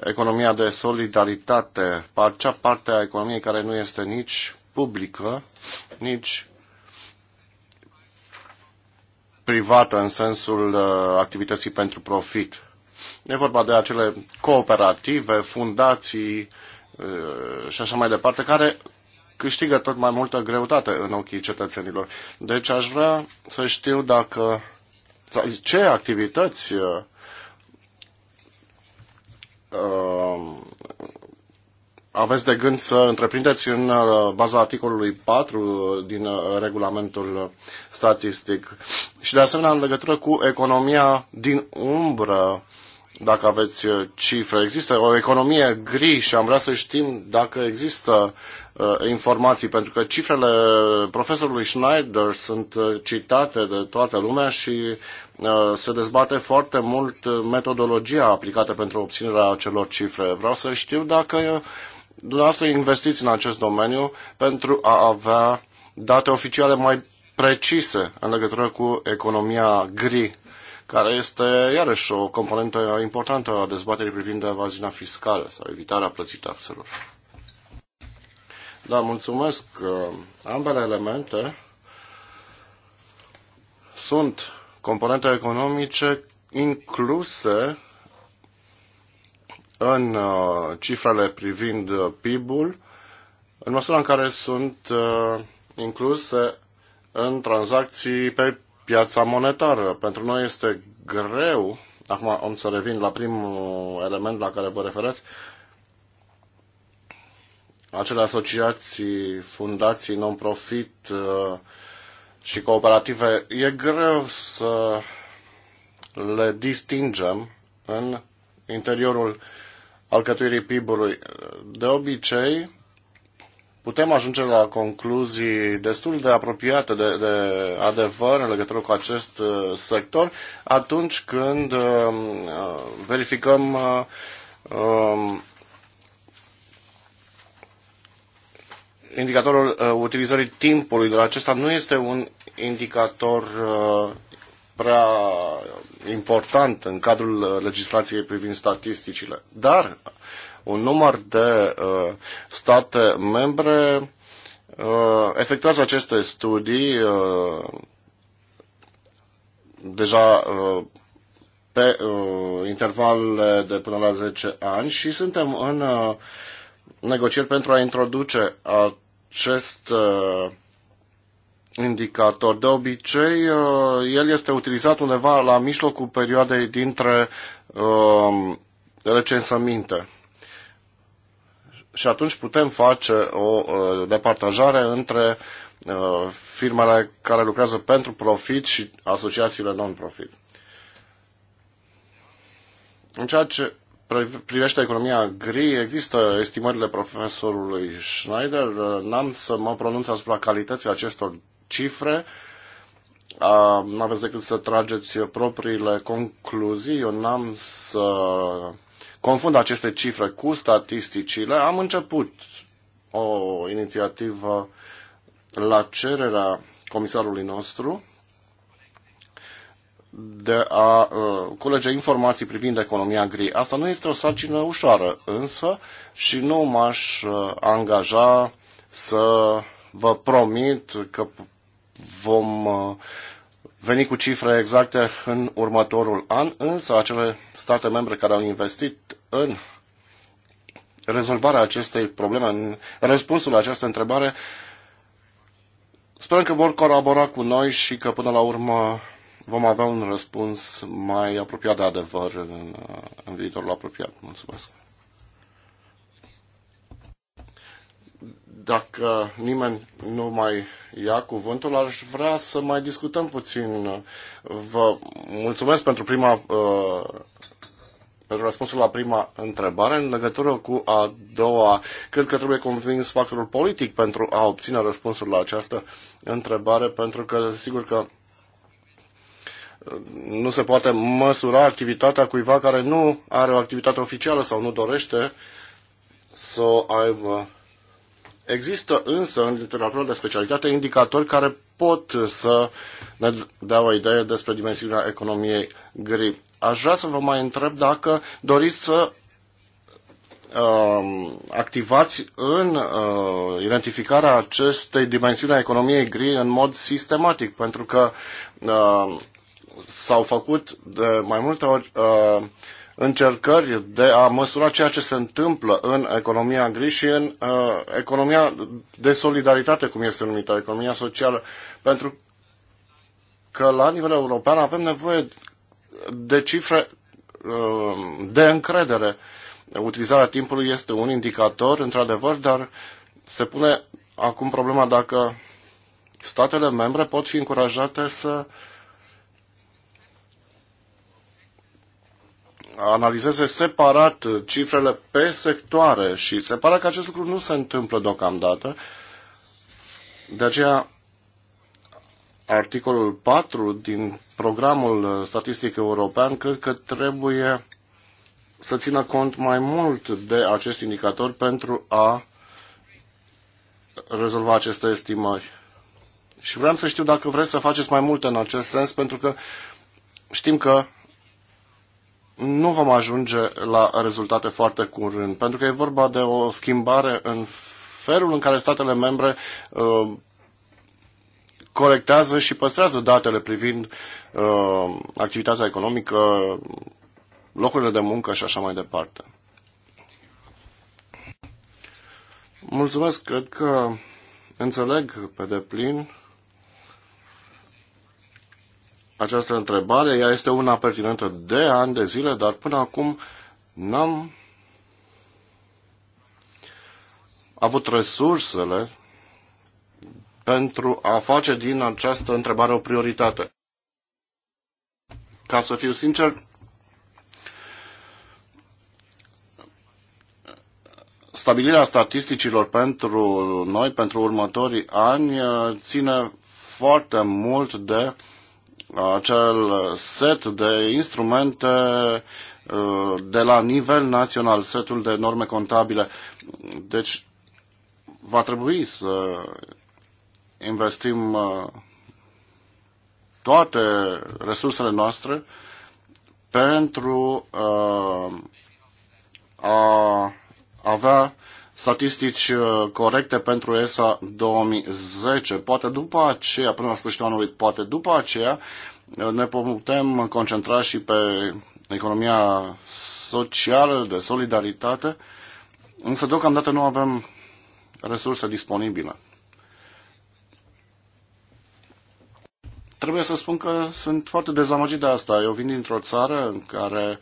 economia de solidaritate, acea parte a economiei care nu este nici publică, nici privată în sensul uh, activității pentru profit. E vorba de acele cooperative, fundații uh, și așa mai departe, care câștigă tot mai multă greutate în ochii cetățenilor. Deci aș vrea să știu dacă ce activități uh, uh, aveți de gând să întreprindeți în uh, baza articolului 4 din uh, regulamentul statistic și de asemenea în legătură cu economia din umbră dacă aveți uh, cifre. Există o economie gri și am vrea să știm dacă există uh, informații, pentru că cifrele profesorului Schneider sunt uh, citate de toată lumea și uh, se dezbate foarte mult uh, metodologia aplicată pentru obținerea acelor cifre. Vreau să știu dacă dumneavoastră investiți în acest domeniu pentru a avea date oficiale mai precise în legătură cu economia gri care este iarăși o componentă importantă a dezbaterii privind evaziunea fiscală sau evitarea plății taxelor. Da, mulțumesc. Ambele elemente sunt componente economice incluse în uh, cifrele privind uh, PIB-ul, în măsura în care sunt uh, incluse în tranzacții pe piața monetară. Pentru noi este greu, acum am să revin la primul element la care vă referați, acele asociații, fundații, non-profit uh, și cooperative, e greu să le distingem în interiorul alcătuirii PIB-ului. De obicei, putem ajunge la concluzii destul de apropiate de, de adevăr în legătură cu acest uh, sector atunci când uh, uh, verificăm um, indicatorul utilizării timpului, dar acesta nu este un indicator prea important în cadrul legislației privind statisticile. Dar un număr de uh, state membre uh, efectuează aceste studii uh, deja uh, pe uh, interval de până la 10 ani și suntem în uh, negocieri pentru a introduce acest uh, indicator. De obicei, uh, el este utilizat undeva la mijlocul perioadei dintre uh, recensăminte și atunci putem face o uh, departajare între uh, firmele care lucrează pentru profit și asociațiile non-profit. În ceea ce privește economia gri, există estimările profesorului Schneider. N-am să mă pronunț asupra calității acestor cifre. Nu aveți decât să trageți propriile concluzii. Eu n-am să confund aceste cifre cu statisticile, am început o inițiativă la cererea comisarului nostru de a uh, culege informații privind economia gri. Asta nu este o sarcină ușoară, însă, și nu m-aș uh, angaja să vă promit că vom uh, veni cu cifre exacte în următorul an, însă acele state membre care au investit în rezolvarea acestei probleme, în răspunsul la această întrebare, sperăm că vor colabora cu noi și că până la urmă vom avea un răspuns mai apropiat de adevăr în, în viitorul apropiat. Mulțumesc! dacă nimeni nu mai ia cuvântul, aș vrea să mai discutăm puțin. Vă mulțumesc pentru prima uh, pentru răspunsul la prima întrebare în legătură cu a doua. Cred că trebuie convins factorul politic pentru a obține răspunsul la această întrebare, pentru că sigur că uh, nu se poate măsura activitatea cuiva care nu are o activitate oficială sau nu dorește să o aibă Există însă în literatura de specialitate indicatori care pot să ne dea o idee despre dimensiunea economiei gri. Aș vrea să vă mai întreb dacă doriți să uh, activați în uh, identificarea acestei dimensiuni a economiei gri în mod sistematic, pentru că uh, s-au făcut de mai multe ori uh, încercări de a măsura ceea ce se întâmplă în economia gri și în uh, economia de solidaritate, cum este numită, economia socială, pentru că la nivel european avem nevoie de cifre uh, de încredere. Utilizarea timpului este un indicator, într-adevăr, dar se pune acum problema dacă statele membre pot fi încurajate să uh, analizeze separat cifrele pe sectoare și se pare că acest lucru nu se întâmplă deocamdată. De aceea, articolul 4 din programul statistic european cred că trebuie să țină cont mai mult de acest indicator pentru a rezolva aceste estimări. Și vreau să știu dacă vreți să faceți mai multe în acest sens, pentru că știm că nu vom ajunge la rezultate foarte curând, pentru că e vorba de o schimbare în felul în care statele membre uh, colectează și păstrează datele privind uh, activitatea economică, locurile de muncă și așa mai departe. Mulțumesc, cred că înțeleg pe deplin această întrebare. Ea este una pertinentă de ani de zile, dar până acum n-am avut resursele pentru a face din această întrebare o prioritate. Ca să fiu sincer, stabilirea statisticilor pentru noi, pentru următorii ani, ține foarte mult de acel set de instrumente uh, de la nivel național, setul de norme contabile. Deci va trebui să investim uh, toate resursele noastre pentru uh, a avea statistici uh, corecte pentru ESA 2010. Poate după aceea, până la sfârșitul anului, poate după aceea uh, ne putem concentra și pe economia socială, de solidaritate, însă deocamdată nu avem resurse disponibile. Trebuie să spun că sunt foarte dezamăgit de asta. Eu vin dintr-o țară în care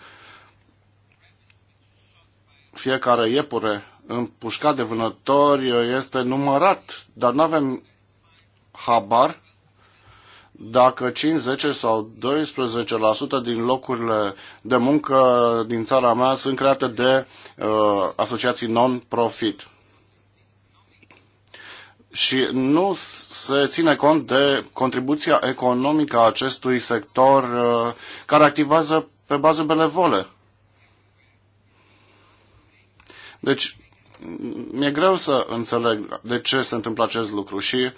fiecare iepure împușcat de vânători este numărat, dar nu avem habar dacă 5, 10 sau 12% din locurile de muncă din țara mea sunt create de uh, asociații non-profit. Și nu se ține cont de contribuția economică a acestui sector uh, care activează pe bază benevole. Deci, mi-e greu să înțeleg de ce se întâmplă acest lucru și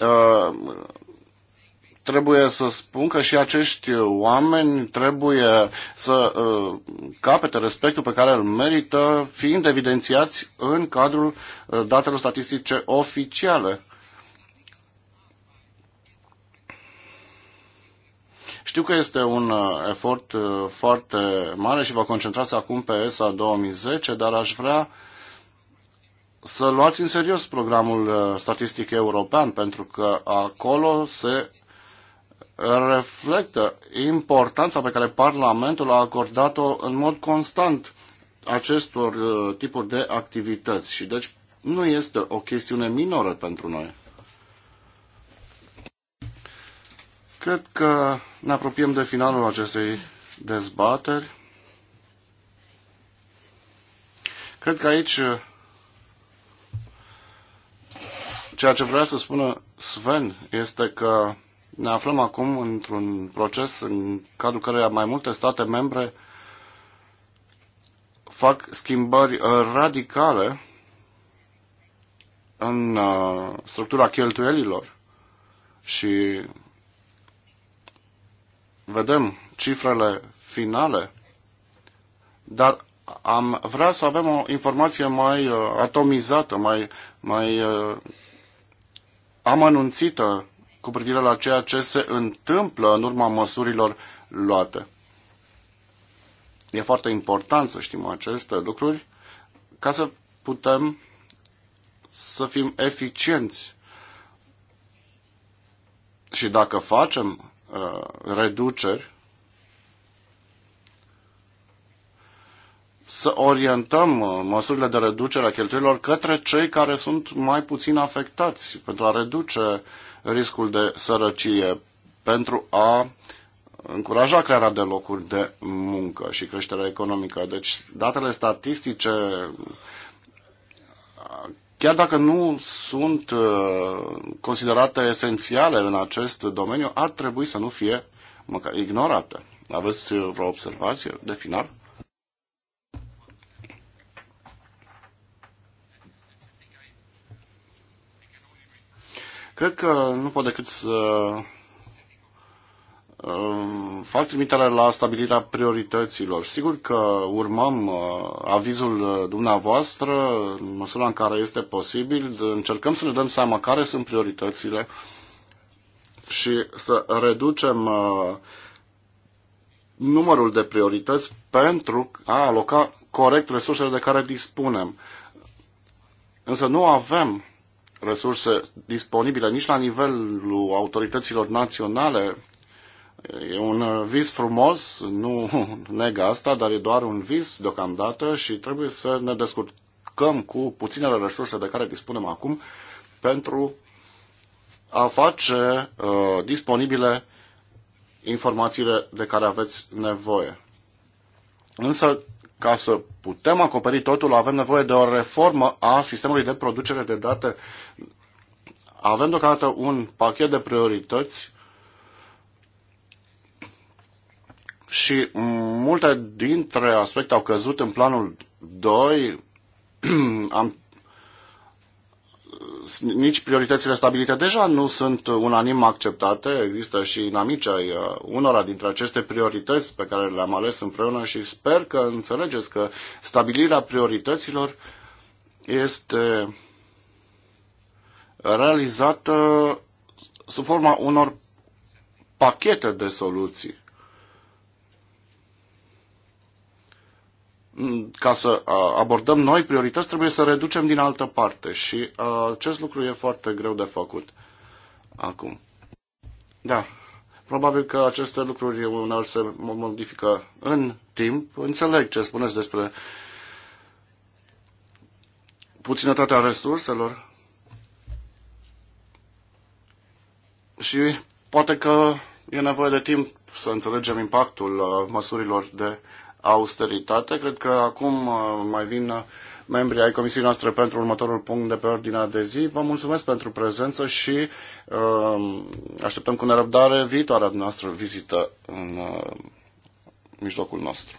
uh, trebuie să spun că și acești oameni trebuie să uh, capete respectul pe care îl merită, fiind evidențiați în cadrul uh, datelor statistice oficiale. Știu că este un uh, efort uh, foarte mare și vă concentrați acum pe ESA 2010, dar aș vrea să luați în serios programul uh, statistic european, pentru că acolo se reflectă importanța pe care Parlamentul a acordat-o în mod constant acestor tipuri de activități și deci nu este o chestiune minoră pentru noi. Cred că ne apropiem de finalul acestei dezbateri. Cred că aici ceea ce vrea să spună Sven este că ne aflăm acum într-un proces în cadrul căruia mai multe state membre fac schimbări uh, radicale în uh, structura cheltuielilor și vedem cifrele finale, dar am vrea să avem o informație mai uh, atomizată, mai, mai uh, amănunțită cu privire la ceea ce se întâmplă în urma măsurilor luate. E foarte important să știm aceste lucruri ca să putem să fim eficienți. Și dacă facem Uh, reduceri, să orientăm uh, măsurile de reducere a cheltuielor către cei care sunt mai puțin afectați pentru a reduce riscul de sărăcie, pentru a încuraja crearea de locuri de muncă și creșterea economică. Deci datele statistice chiar dacă nu sunt uh, considerate esențiale în acest domeniu, ar trebui să nu fie măcar ignorate. Aveți uh, vreo observație de final? Cred că nu pot decât să fac trimitere la stabilirea priorităților. Sigur că urmăm uh, avizul uh, dumneavoastră în măsura în care este posibil. Încercăm să ne dăm seama care sunt prioritățile și să reducem uh, numărul de priorități pentru a aloca corect resursele de care dispunem. Însă nu avem resurse disponibile nici la nivelul autorităților naționale E un uh, vis frumos, nu (laughs) neg asta, dar e doar un vis deocamdată și trebuie să ne descurcăm cu puținele resurse de care dispunem acum pentru a face uh, disponibile informațiile de care aveți nevoie. Însă, ca să putem acoperi totul, avem nevoie de o reformă a sistemului de producere de date. Avem deocamdată un pachet de priorități și multe dintre aspecte au căzut în planul 2. (clears throat) Am, nici prioritățile stabilite deja nu sunt unanim acceptate. Există și n-amici ai uh, unora dintre aceste priorități pe care le-am ales împreună și sper că înțelegeți că stabilirea priorităților este realizată sub forma unor pachete de soluții Mm, ca să abordăm noi priorități, trebuie să reducem din altă parte și acest lucru e foarte greu de făcut acum. Da, probabil că aceste lucruri uneori se modifică în timp. Înțeleg ce spuneți despre puținătatea resurselor și poate că e nevoie de timp să înțelegem impactul măsurilor de austeritate. Cred că acum uh, mai vin uh, membrii ai comisiei noastre pentru următorul punct de pe ordinea de zi. Vă mulțumesc pentru prezență și uh, așteptăm cu nerăbdare viitoarea noastră vizită în uh, mijlocul nostru.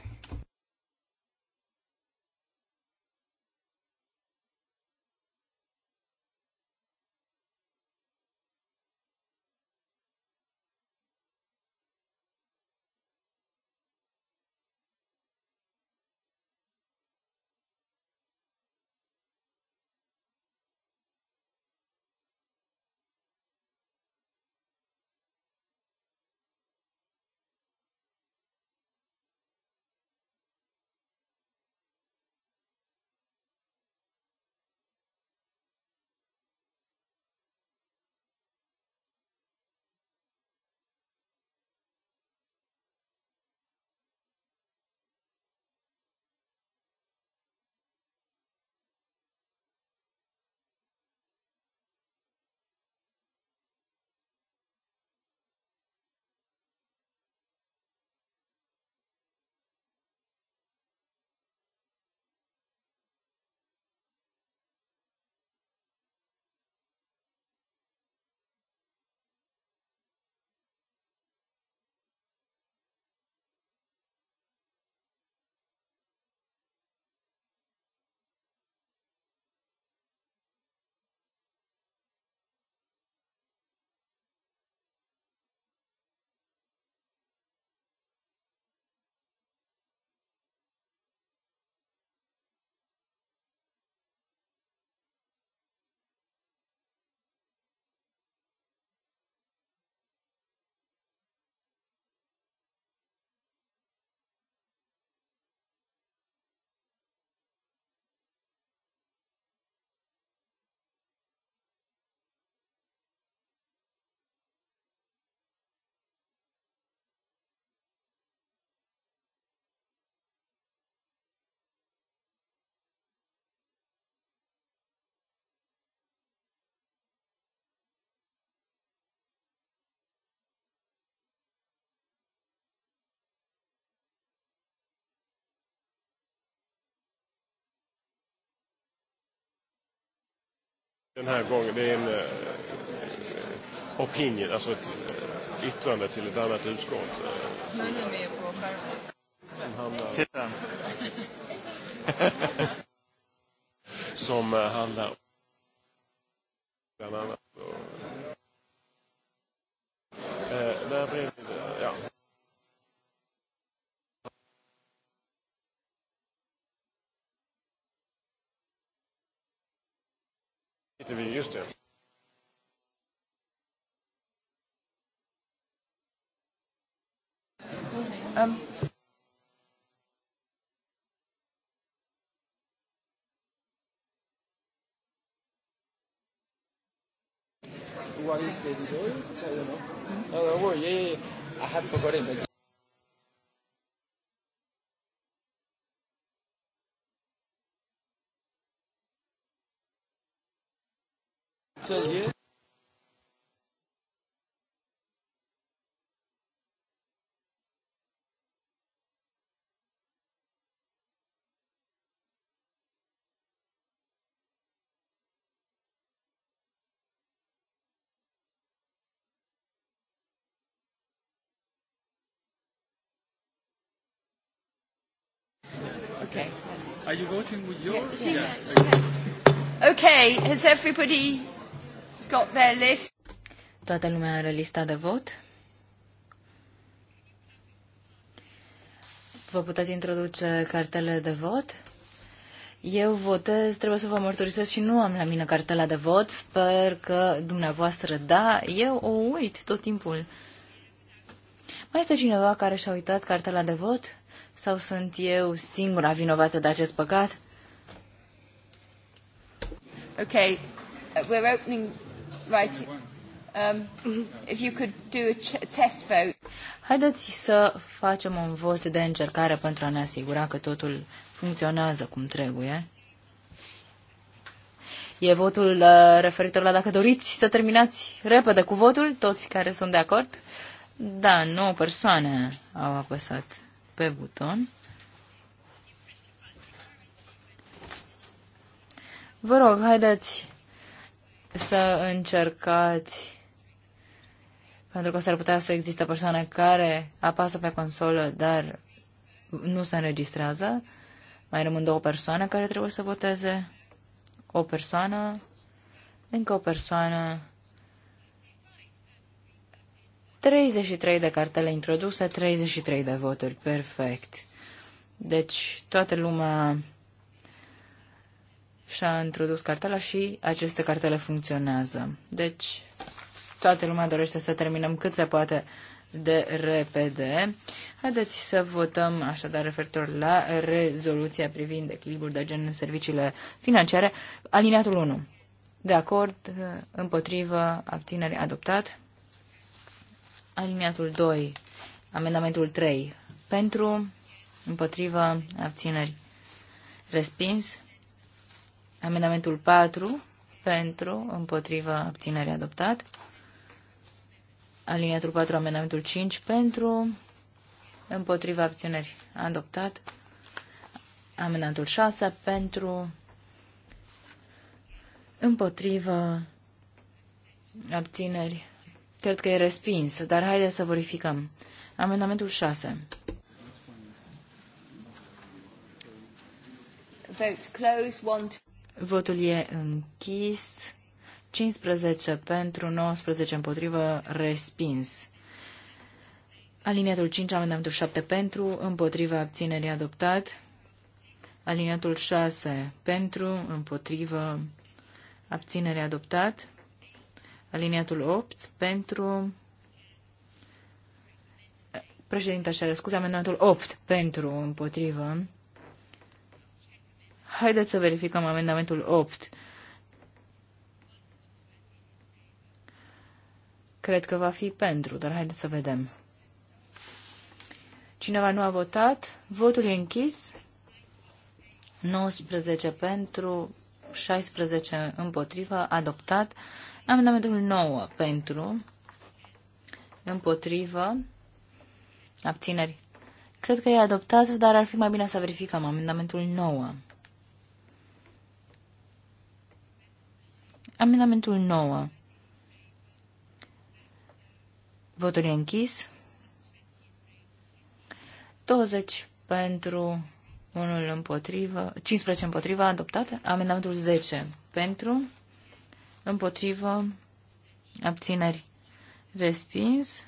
Den här gången, det är en uh, opinion, alltså ett eh, yttrande till ett annat utskott. Uh, Men är med på Titta. (laughs) Som eh, handlar bland annat. Eh, uh, to be used to. Um. What is the delay? I don't know. Mm -hmm. Oh, don't Yeah, yeah, yeah. I have forgotten. tell Okay. Yes. Are you voting with your? Yeah, she yeah. Has, she has. Okay. Has everybody got their list. Toată lumea are lista de vot. Vă puteți introduce cartele de vot? Eu votez, trebuie să vă mărturisesc și nu am la mine cartela de vot. Sper că dumneavoastră da, eu o uit tot timpul. Mai este cineva care și-a uitat cartela de vot? Sau sunt eu singura vinovată de acest păcat? Okay, we're opening Right. Um, if you could do a test vote. Haideți să facem un vot de încercare pentru a ne asigura că totul funcționează cum trebuie. E votul uh, referitor la dacă doriți să terminați repede cu votul, toți care sunt de acord. Da, nouă persoane au apăsat pe buton. Vă rog, haideți să încercați, pentru că s-ar putea să existe persoane care apasă pe consolă, dar nu se înregistrează. Mai rămân două persoane care trebuie să voteze. O persoană, încă o persoană. 33 de cartele introduse, 33 de voturi. Perfect. Deci toată lumea și-a introdus cartela și aceste cartele funcționează. Deci, toată lumea dorește să terminăm cât se poate de repede. Haideți să votăm așadar referitor la rezoluția privind echilibrul de gen în serviciile financiare. Alineatul 1. De acord, împotrivă, abțineri, adoptat. Alineatul 2. Amendamentul 3. Pentru, împotrivă, abțineri, respins. Amendamentul 4 pentru, împotriva, abținere adoptat. Aliniatul 4, amendamentul 5 pentru, împotriva, abțineri adoptat. Amendamentul 6 pentru, împotriva, abțineri. Cred că e respins, dar haideți să verificăm. Amendamentul 6. Votes close one, two. Votul e închis. 15 pentru, 19 împotrivă, respins. Aliniatul 5, amendamentul 7 pentru, împotrivă abținerii adoptat. Aliniatul 6 pentru, împotrivă, abținerii adoptat. Aliniatul 8 pentru, președinte așa, scuze, amendamentul 8 pentru, împotrivă, Haideți să verificăm amendamentul 8. Cred că va fi pentru, dar haideți să vedem. Cineva nu a votat? Votul e închis. 19 pentru, 16 împotrivă, adoptat. Amendamentul 9 pentru, împotrivă, abțineri. Cred că e adoptat, dar ar fi mai bine să verificăm amendamentul 9. Amendamentul 9. Votul e închis. 20 pentru, 1 împotrivă, 15 împotrivă, adoptate. Amendamentul 10 pentru, împotrivă, abțineri, respins.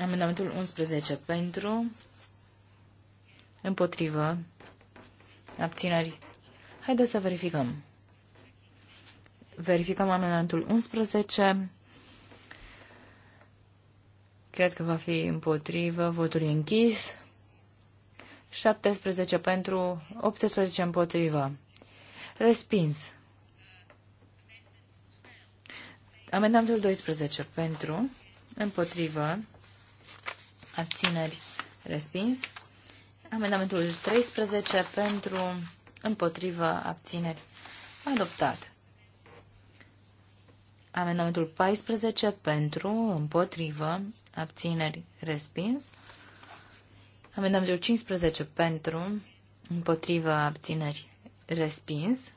Amendamentul 11 pentru, împotrivă, Abțineri. Haideți să verificăm. Verificăm amendamentul 11. Cred că va fi împotrivă. Votul e închis. 17 pentru, 18 împotrivă. Respins. Amendamentul 12 pentru, împotrivă, abțineri, respins. Amendamentul 13 pentru împotrivă abțineri. Adoptat. Amendamentul 14 pentru împotrivă abțineri. Respins. Amendamentul 15 pentru împotrivă abțineri. Respins.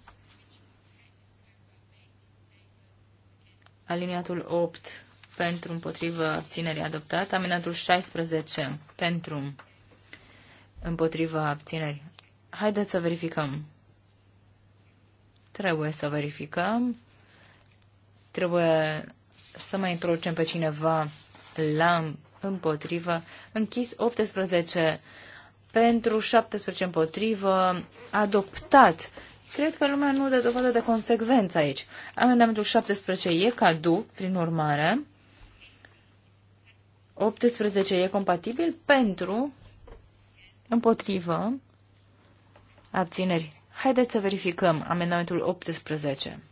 Aliniatul 8 pentru împotrivă abținerii adoptat. Amendamentul 16 pentru împotriva abținerii. Haideți să verificăm. Trebuie să verificăm. Trebuie să mai introducem pe cineva la împotrivă. Închis 18 pentru, 17 împotrivă, adoptat. Cred că lumea nu dă dovadă de consecvență aici. Amendamentul 17 e cadu, prin urmare. 18 e compatibil pentru Împotrivă. Abțineri. Haideți să verificăm amendamentul 18.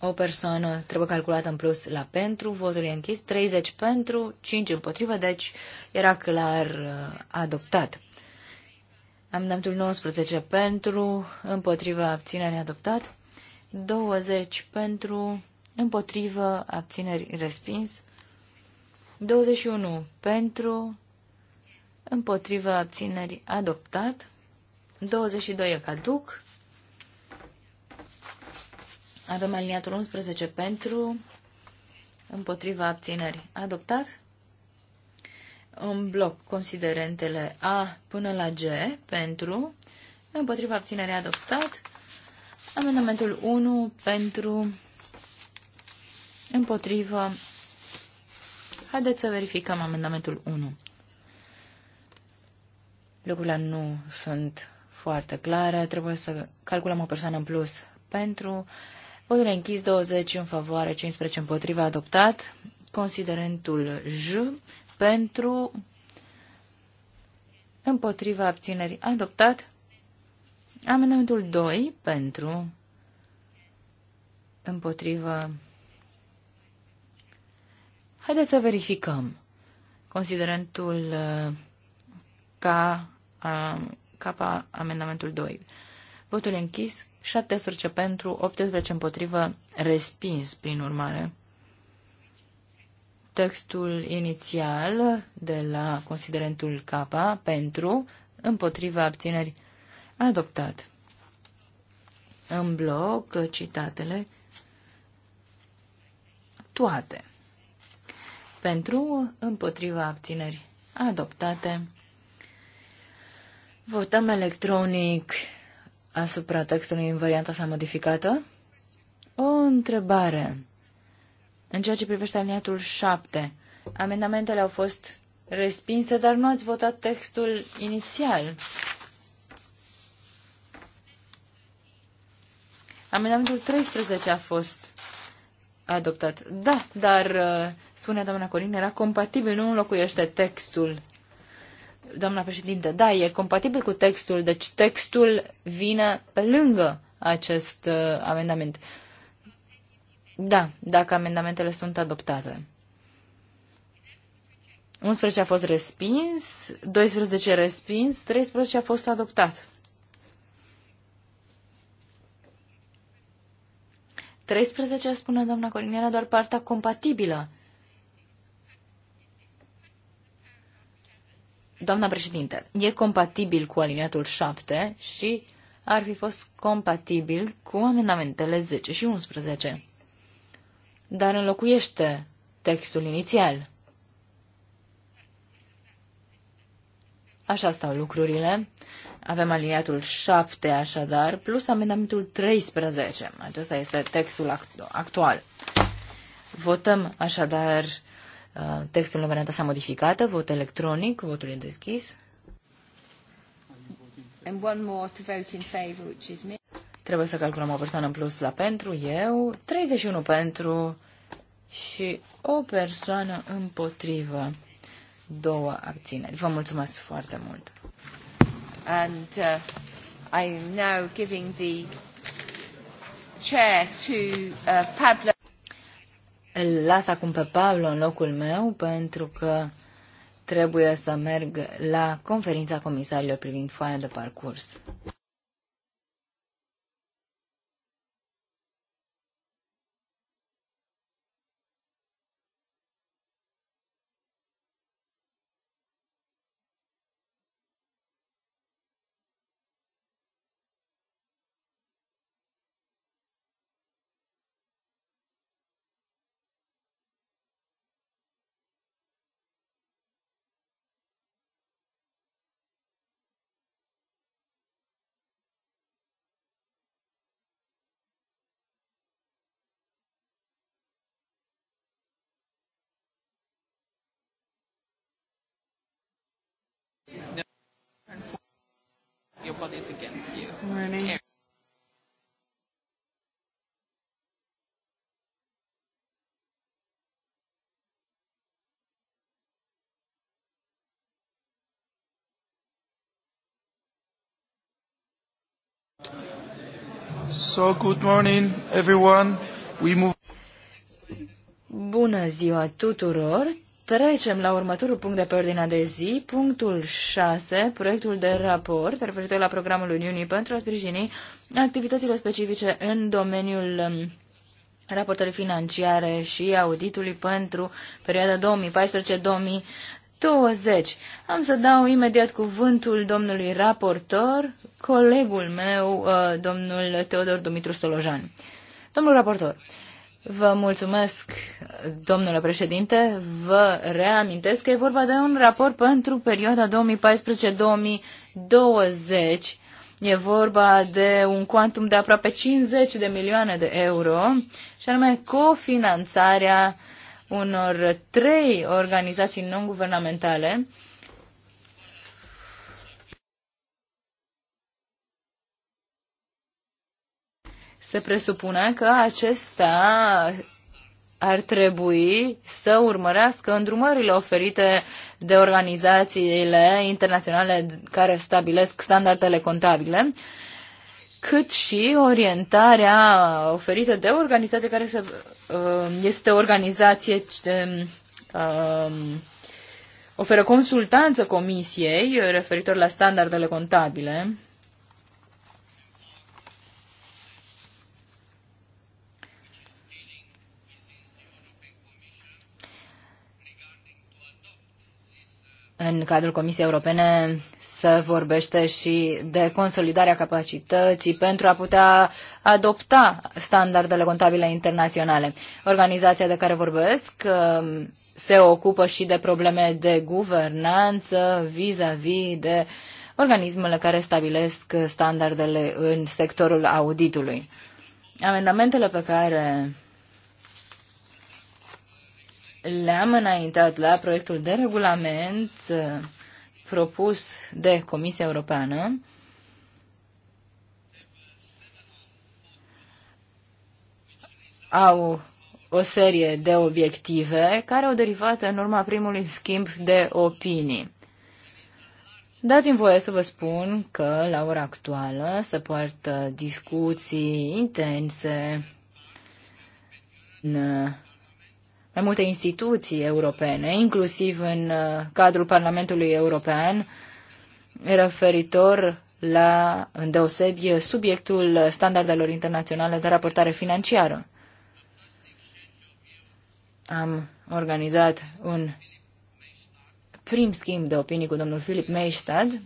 O persoană trebuie calculată în plus la pentru, votul e închis, 30 pentru, 5 împotrivă, deci era clar uh, adoptat. Amendamentul 19 pentru, împotrivă, abținere adoptat, 20 pentru, împotrivă, abțineri respins, 21 pentru, împotrivă abțineri adoptat, 22 e caduc, avem aliniatul 11 pentru, împotriva abțineri adoptat, în bloc considerentele A până la G pentru, împotriva abținerii adoptat, amendamentul 1 pentru, împotriva Haideți să verificăm amendamentul 1. Lucrurile nu sunt foarte clare, trebuie să calculăm o persoană în plus pentru. Votul închis 20 în favoare, 15 împotriva adoptat. Considerentul J pentru împotriva abținerii adoptat. Amendamentul 2 pentru împotriva Haideți să verificăm. Considerentul K uh, K, uh, amendamentul 2. Votul închis, 17 pentru, 18 împotrivă, respins prin urmare. Textul inițial de la considerentul K pentru, împotriva abțineri, adoptat. În bloc, citatele, toate pentru, împotriva abțineri adoptate. Votăm electronic asupra textului în varianta sa modificată. O întrebare. În ceea ce privește aliniatul 7, amendamentele au fost respinse, dar nu ați votat textul inițial. Amendamentul 13 a fost adoptat. Da, dar, uh, spune doamna Corin, era compatibil, nu înlocuiește textul. Doamna președinte, da, e compatibil cu textul, deci textul vine pe lângă acest uh, amendament. Da, dacă amendamentele sunt adoptate. 11 a fost respins, 12 respins, 13 a fost adoptat. 13, spune doamna Colin, era doar partea compatibilă. Doamna președinte, e compatibil cu aliniatul 7 și ar fi fost compatibil cu amendamentele 10 și 11. Dar înlocuiește textul inițial. Așa stau lucrurile. Avem aliniatul 7, așadar, plus amendamentul 13. Acesta este textul actual. Votăm, așadar, uh, textul în varianta sa modificată, vot electronic, votul e deschis. And one more to vote in favor, which is me. Trebuie să calculăm o persoană în plus la pentru, eu, 31 pentru și o persoană împotrivă, două abțineri. Vă mulțumesc foarte mult! And uh, I am now giving the chair to uh, Pablo. Îl las acum pe Pablo în locul meu pentru că trebuie să merg la conferința comisarilor privind foaia de parcurs. what is against you. Morning. So, good morning, everyone. We move... Bună ziua tuturor! Trecem la următorul punct de pe ordinea de zi, punctul 6, proiectul de raport referitor la programul Uniunii pentru a sprijini activitățile specifice în domeniul um, raportării financiare și auditului pentru perioada 2014-2020. Am să dau imediat cuvântul domnului raportor, colegul meu, uh, domnul Teodor Dumitru Stolojan. Domnul raportor, Vă mulțumesc, domnule președinte. Vă reamintesc că e vorba de un raport pentru perioada 2014-2020. E vorba de un cuantum de aproape 50 de milioane de euro, și anume cofinanțarea unor trei organizații non-guvernamentale se presupune că acesta ar trebui să urmărească îndrumările oferite de organizațiile internaționale care stabilesc standardele contabile, cât și orientarea oferită de organizație care se, uh, este o organizație ce um, um, oferă consultanță comisiei referitor la standardele contabile. în cadrul Comisiei Europene să vorbește și de consolidarea capacității pentru a putea adopta standardele contabile internaționale. Organizația de care vorbesc um, se ocupă și de probleme de guvernanță vis a -vis de organismele care stabilesc standardele în sectorul auditului. Amendamentele pe care le-am înaintat la proiectul de regulament uh, propus de Comisia Europeană. Au o serie de obiective care au derivat în urma primului schimb de opinii. Dați-mi voie să vă spun că la ora actuală se poartă discuții intense în mai multe instituții europene, inclusiv în uh, cadrul Parlamentului European, referitor la, îndeosebi, subiectul standardelor internaționale de raportare financiară. Am organizat un prim schimb de opinii cu domnul Filip Meistad.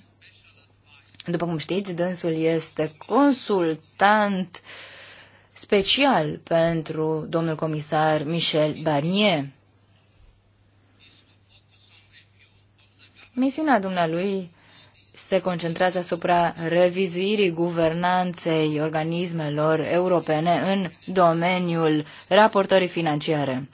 După cum știți, dânsul este consultant uh, special pentru domnul comisar Michel Barnier. Misiunea dumnealui se concentrează asupra revizuirii guvernanței organismelor europene în domeniul raportării financiare.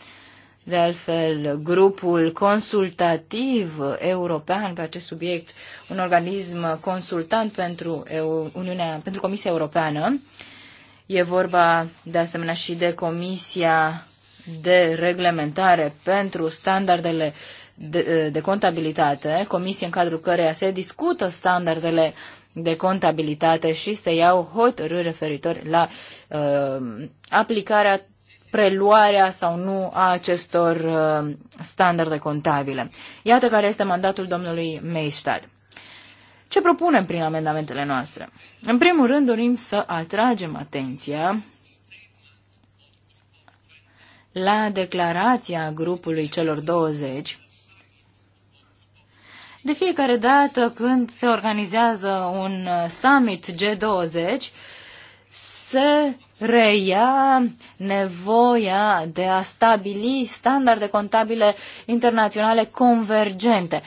De altfel, grupul consultativ european pe acest subiect, un organism consultant pentru, Uniunea, pentru Comisia Europeană, E vorba de asemenea și de Comisia de Reglementare pentru Standardele de, de Contabilitate, comisie în cadrul căreia se discută standardele de contabilitate și se iau hotărâri referitor la uh, aplicarea, preluarea sau nu a acestor uh, standarde contabile. Iată care este mandatul domnului Meistad. Ce propunem prin amendamentele noastre? În primul rând, dorim să atragem atenția la declarația grupului celor 20. De fiecare dată când se organizează un summit G20, se reia nevoia de a stabili standarde contabile internaționale convergente.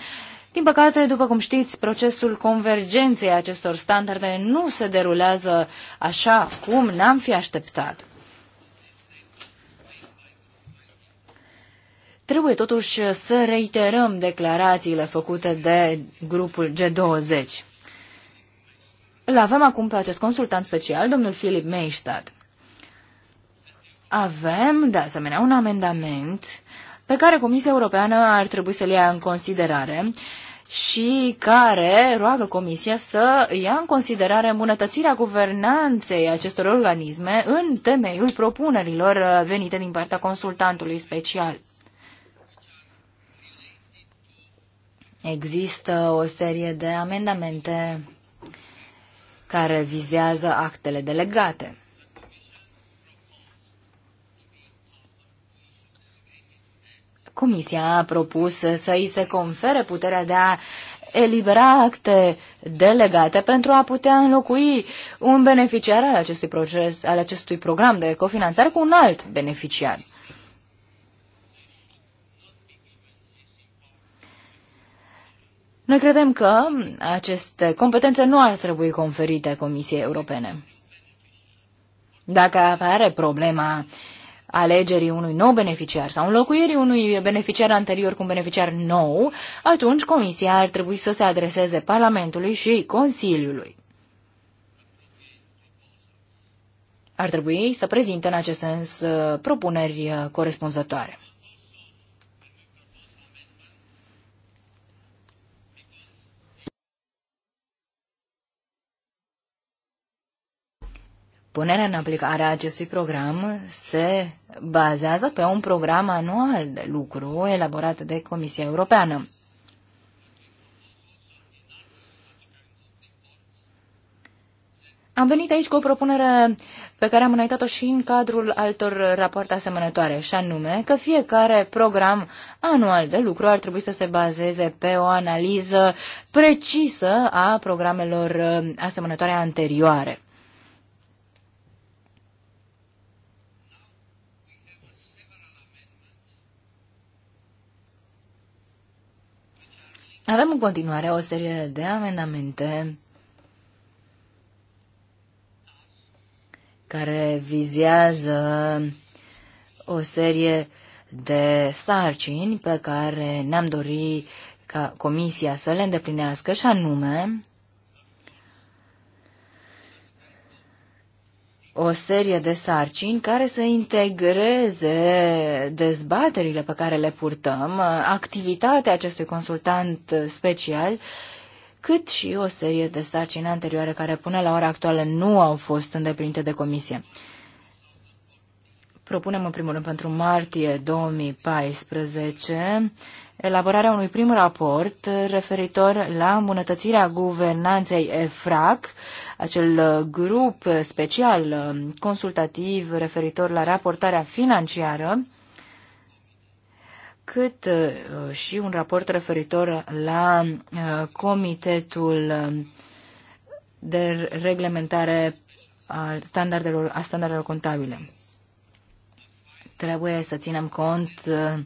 Din păcate, după cum știți, procesul convergenței acestor standarde nu se derulează așa cum n-am fi așteptat. Trebuie totuși să reiterăm declarațiile făcute de grupul G20. Îl avem acum pe acest consultant special, domnul Filip Meistad. Avem, de asemenea, un amendament pe care Comisia Europeană ar trebui să-l ia în considerare și care roagă Comisia să ia în considerare îmbunătățirea guvernanței acestor organisme în temeiul propunerilor uh, venite din partea consultantului special. Există o serie de amendamente care vizează actele delegate. Comisia a propus să îi se confere puterea de a elibera acte delegate pentru a putea înlocui un beneficiar al acestui proces, al acestui program de cofinanțare cu un alt beneficiar. Noi credem că aceste competențe nu ar trebui conferite Comisiei Europene. Dacă apare problema alegerii unui nou beneficiar sau înlocuirii unui beneficiar anterior cu un beneficiar nou, atunci Comisia ar trebui să se adreseze Parlamentului și Consiliului. Ar trebui să prezinte în acest sens uh, propuneri uh, corespunzătoare. Punerea în aplicare a acestui program se bazează pe un program anual de lucru elaborat de Comisia Europeană. Am venit aici cu o propunere pe care am înaintat-o și în cadrul altor rapoarte asemănătoare, și anume că fiecare program anual de lucru ar trebui să se bazeze pe o analiză precisă a programelor asemănătoare anterioare. Avem în continuare o serie de amendamente care vizează o serie de sarcini pe care ne-am dorit ca Comisia să le îndeplinească și anume o serie de sarcini care să integreze dezbaterile pe care le purtăm, activitatea acestui consultant special, cât și o serie de sarcini anterioare care până la ora actuală nu au fost îndeplinite de comisie. Propunem în primul rând pentru martie 2014 elaborarea unui prim raport referitor la îmbunătățirea guvernanței EFRAC, acel grup special um, consultativ referitor la raportarea financiară, cât uh, și un raport referitor la uh, Comitetul um, de Reglementare a standardelor, a standardelor contabile. Trebuie să ținem cont uh,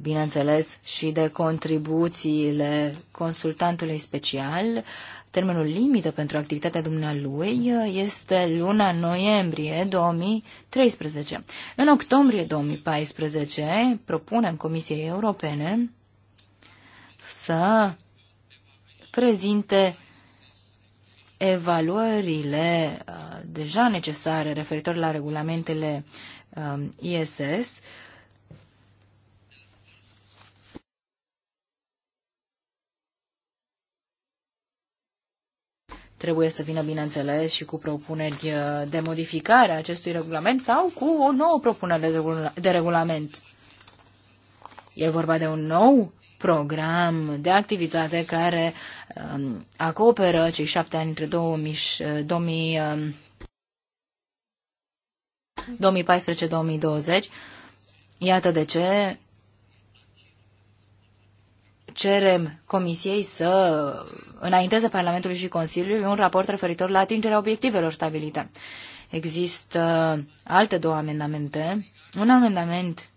bineînțeles, și de contribuțiile consultantului special. Termenul limită pentru activitatea dumnealui este luna noiembrie 2013. În octombrie 2014 propunem Comisiei Europene să prezinte evaluările uh, deja necesare referitor la regulamentele um, ISS Trebuie să vină, bineînțeles, și cu propuneri uh, de modificare a acestui regulament sau cu o nouă propunere de regulament. E vorba de un nou program de activitate care um, acoperă cei șapte ani între 2000, 2000, 2014-2020. Iată de ce cerem Comisiei să înainteze Parlamentului și Consiliului un raport referitor la atingerea obiectivelor stabilite. Există alte două amendamente. Un amendament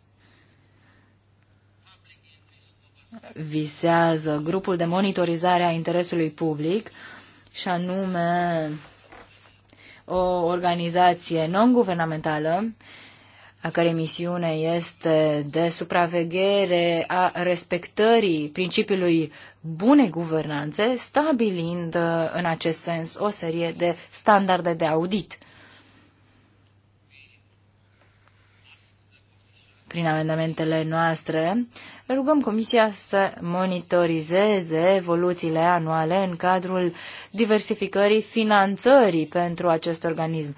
visează grupul de monitorizare a interesului public și anume o organizație non-guvernamentală a cărei misiune este de supraveghere a respectării principiului bunei guvernanțe, stabilind uh, în acest sens o serie de standarde de audit. Prin amendamentele noastre, rugăm Comisia să monitorizeze evoluțiile anuale în cadrul diversificării finanțării pentru acest organism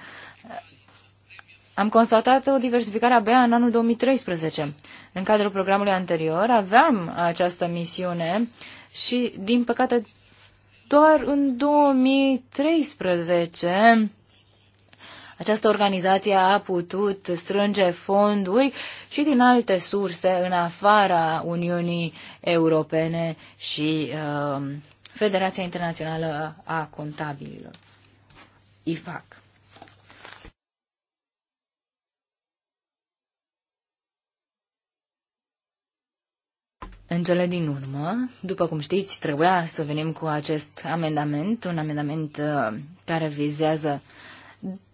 am constatat o diversificare abia în anul 2013. În cadrul programului anterior aveam această misiune și, din păcate, doar în 2013 această organizație a putut strânge fonduri și din alte surse în afara Uniunii Europene și uh, Federația Internațională a Contabililor, IFAC. În cele din urmă, după cum știți, trebuia să venim cu acest amendament, un amendament uh, care vizează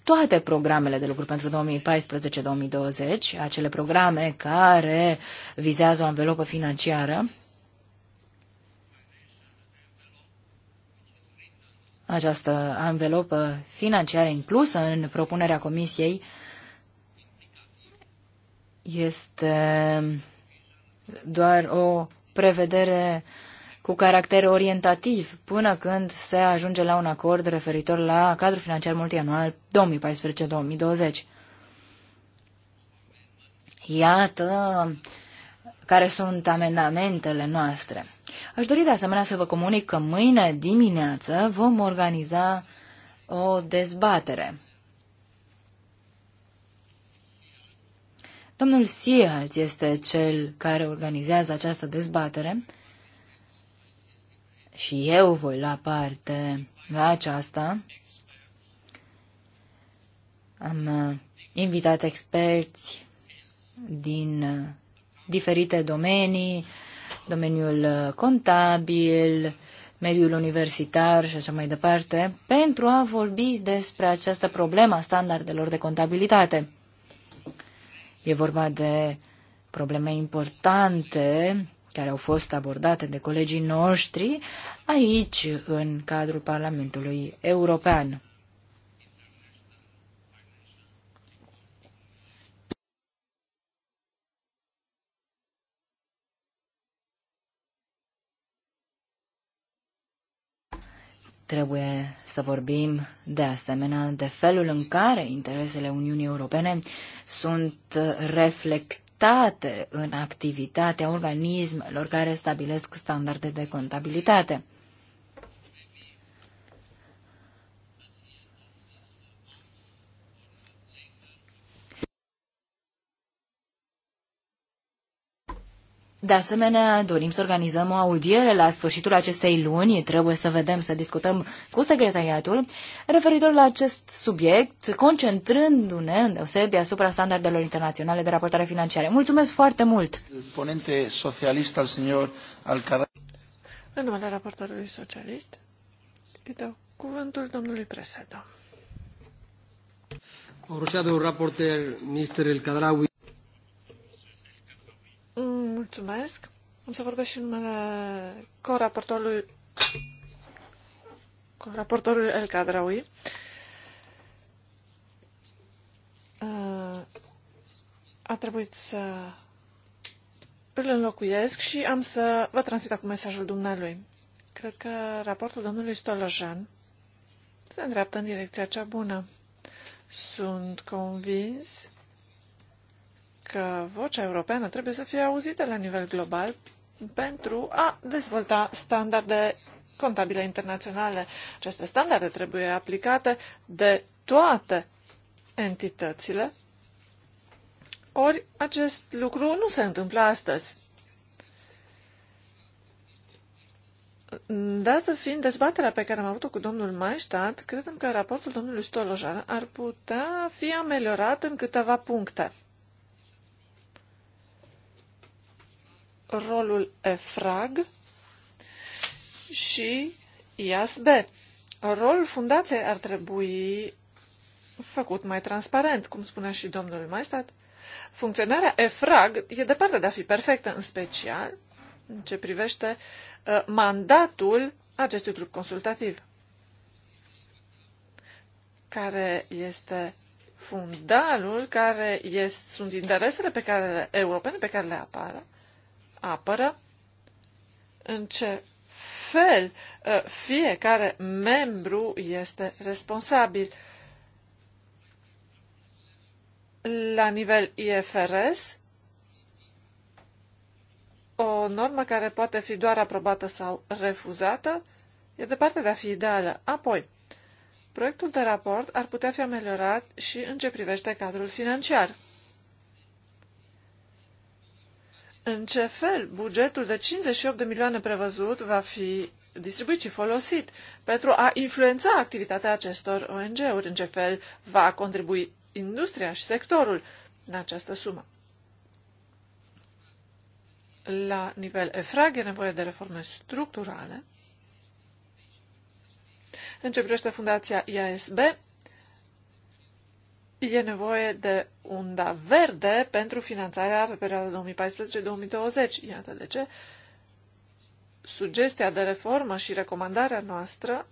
toate programele de lucru pentru 2014-2020, acele programe care vizează o anvelopă financiară. Această anvelopă financiară inclusă în propunerea Comisiei este doar o prevedere cu caracter orientativ până când se ajunge la un acord referitor la cadrul financiar multianual 2014-2020. Iată care sunt amendamentele noastre. Aș dori de asemenea să vă comunic că mâine dimineață vom organiza o dezbatere. Domnul Siehalț este cel care organizează această dezbatere și eu voi lua parte la aceasta. Am uh, invitat experți din uh, diferite domenii, domeniul uh, contabil, mediul universitar și așa mai departe, pentru a vorbi despre această problemă a standardelor de contabilitate. E vorba de probleme importante care au fost abordate de colegii noștri aici, în cadrul Parlamentului European. Trebuie să vorbim de asemenea de felul în care interesele Uniunii Europene sunt reflectate în activitatea organismelor care stabilesc standarde de contabilitate. De asemenea, dorim să organizăm o audiere la sfârșitul acestei luni, trebuie să vedem, să discutăm cu secretariatul, referitor la acest subiect, concentrându-ne deosebi asupra standardelor internaționale de raportare financiare. Mulțumesc foarte mult! Ponente socialist al senior Alcadar. În numele raportorului socialist, îi dau cuvântul domnului Presedo. Am rușat un raporter, Mr. El Cadraui. Mulțumesc. Am să vorbesc și numele co-raportorului raportorul El Cadraui. Uh, a trebuit să îl înlocuiesc și am să vă transmit acum mesajul dumnealui. Cred că raportul domnului Stolojan se îndreaptă în direcția cea bună. Sunt convins că vocea europeană trebuie să fie auzită la nivel global pentru a dezvolta standarde contabile internaționale. Aceste standarde trebuie aplicate de toate entitățile, ori acest lucru nu se întâmplă astăzi. Dată fiind dezbaterea pe care am avut-o cu domnul Maistat, credem că raportul domnului Stolojan ar putea fi ameliorat în câteva puncte. rolul EFRAG și IASB. Rolul fundației ar trebui făcut mai transparent, cum spunea și domnul Maestat. Funcționarea EFRAG e departe de a fi perfectă, în special în ce privește uh, mandatul acestui grup consultativ, care este fundalul, care este, sunt interesele pe care europene pe care le apară apără, în ce fel uh, fiecare membru este responsabil. La nivel IFRS, o normă care poate fi doar aprobată sau refuzată e departe de a fi ideală. Apoi, proiectul de raport ar putea fi ameliorat și în ce privește cadrul financiar. în ce fel bugetul de 58 de milioane prevăzut va fi distribuit și folosit pentru a influența activitatea acestor ONG-uri, în ce fel va contribui industria și sectorul în această sumă. La nivel EFRAG e nevoie de reforme structurale. În ce privește fundația IASB, e nevoie de unda verde pentru finanțarea pe perioada 2014-2020. Iată de ce sugestia de reformă și recomandarea noastră,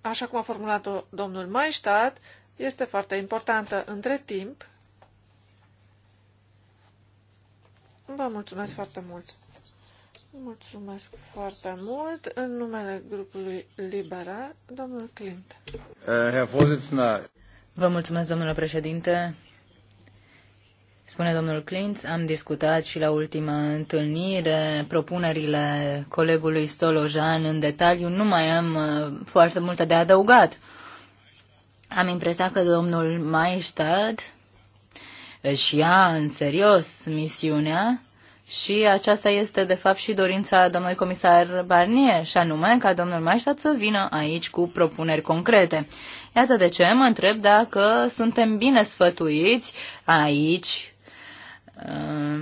așa cum a formulat-o domnul Maistat, este foarte importantă. Între timp, vă mulțumesc foarte mult! Mulțumesc foarte mult. În numele grupului Liberal, domnul Clint. Uh, Vă mulțumesc, domnule președinte. Spune domnul Clintz, am discutat și la ultima întâlnire propunerile colegului Stolojan în detaliu. Nu mai am uh, foarte multe de adăugat. Am impresia că domnul Maistad își ia în serios misiunea și aceasta este, de fapt, și dorința domnului comisar Barnier, și anume ca domnul Maistat să vină aici cu propuneri concrete. Iată de ce mă întreb dacă suntem bine sfătuiți aici uh,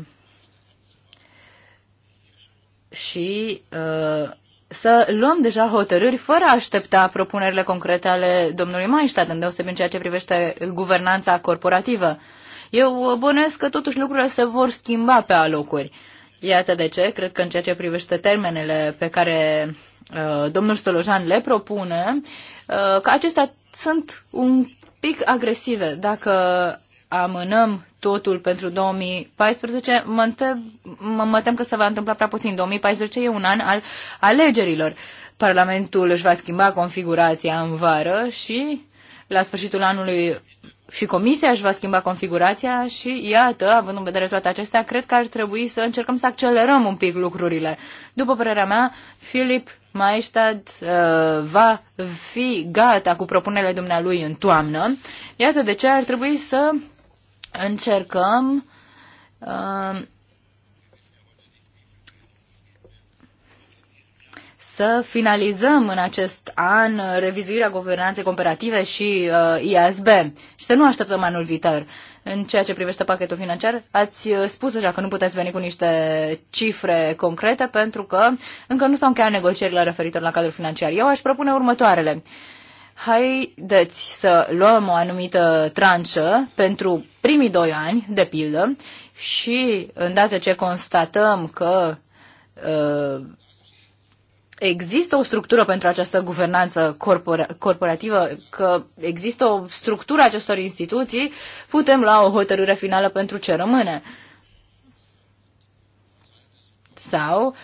și uh, să luăm deja hotărâri fără a aștepta propunerile concrete ale domnului Maistat, deosebit în ceea ce privește guvernanța corporativă. Eu bănuiesc că totuși lucrurile se vor schimba pe alocuri. Iată de ce, cred că în ceea ce privește termenele pe care Uh, domnul Stolojan le propune, uh, că acestea sunt un pic agresive. Dacă amânăm totul pentru 2014, mă, întreb, mă, mă tem că se va întâmpla prea puțin. 2014 e un an al alegerilor. Parlamentul își va schimba configurația în vară și la sfârșitul anului și comisia își va schimba configurația și iată, având în vedere toate acestea, cred că ar trebui să încercăm să accelerăm un pic lucrurile. După părerea mea, Filip Maestad uh, va fi gata cu propunerile dumnealui în toamnă. Iată de ce ar trebui să încercăm uh, să finalizăm în acest an revizuirea guvernanței comparative și uh, ISB și să nu așteptăm anul viitor. În ceea ce privește pachetul financiar, ați uh, spus deja că nu puteți veni cu niște cifre concrete pentru că încă nu s-au încheiat negocierile referitor la cadrul financiar. Eu aș propune următoarele. Haideți să luăm o anumită tranșă pentru primii doi ani, de pildă, și în date ce constatăm că uh, există o structură pentru această guvernanță corpora- corporativă, că există o structură acestor instituții, putem lua o hotărâre finală pentru ce rămâne. Sau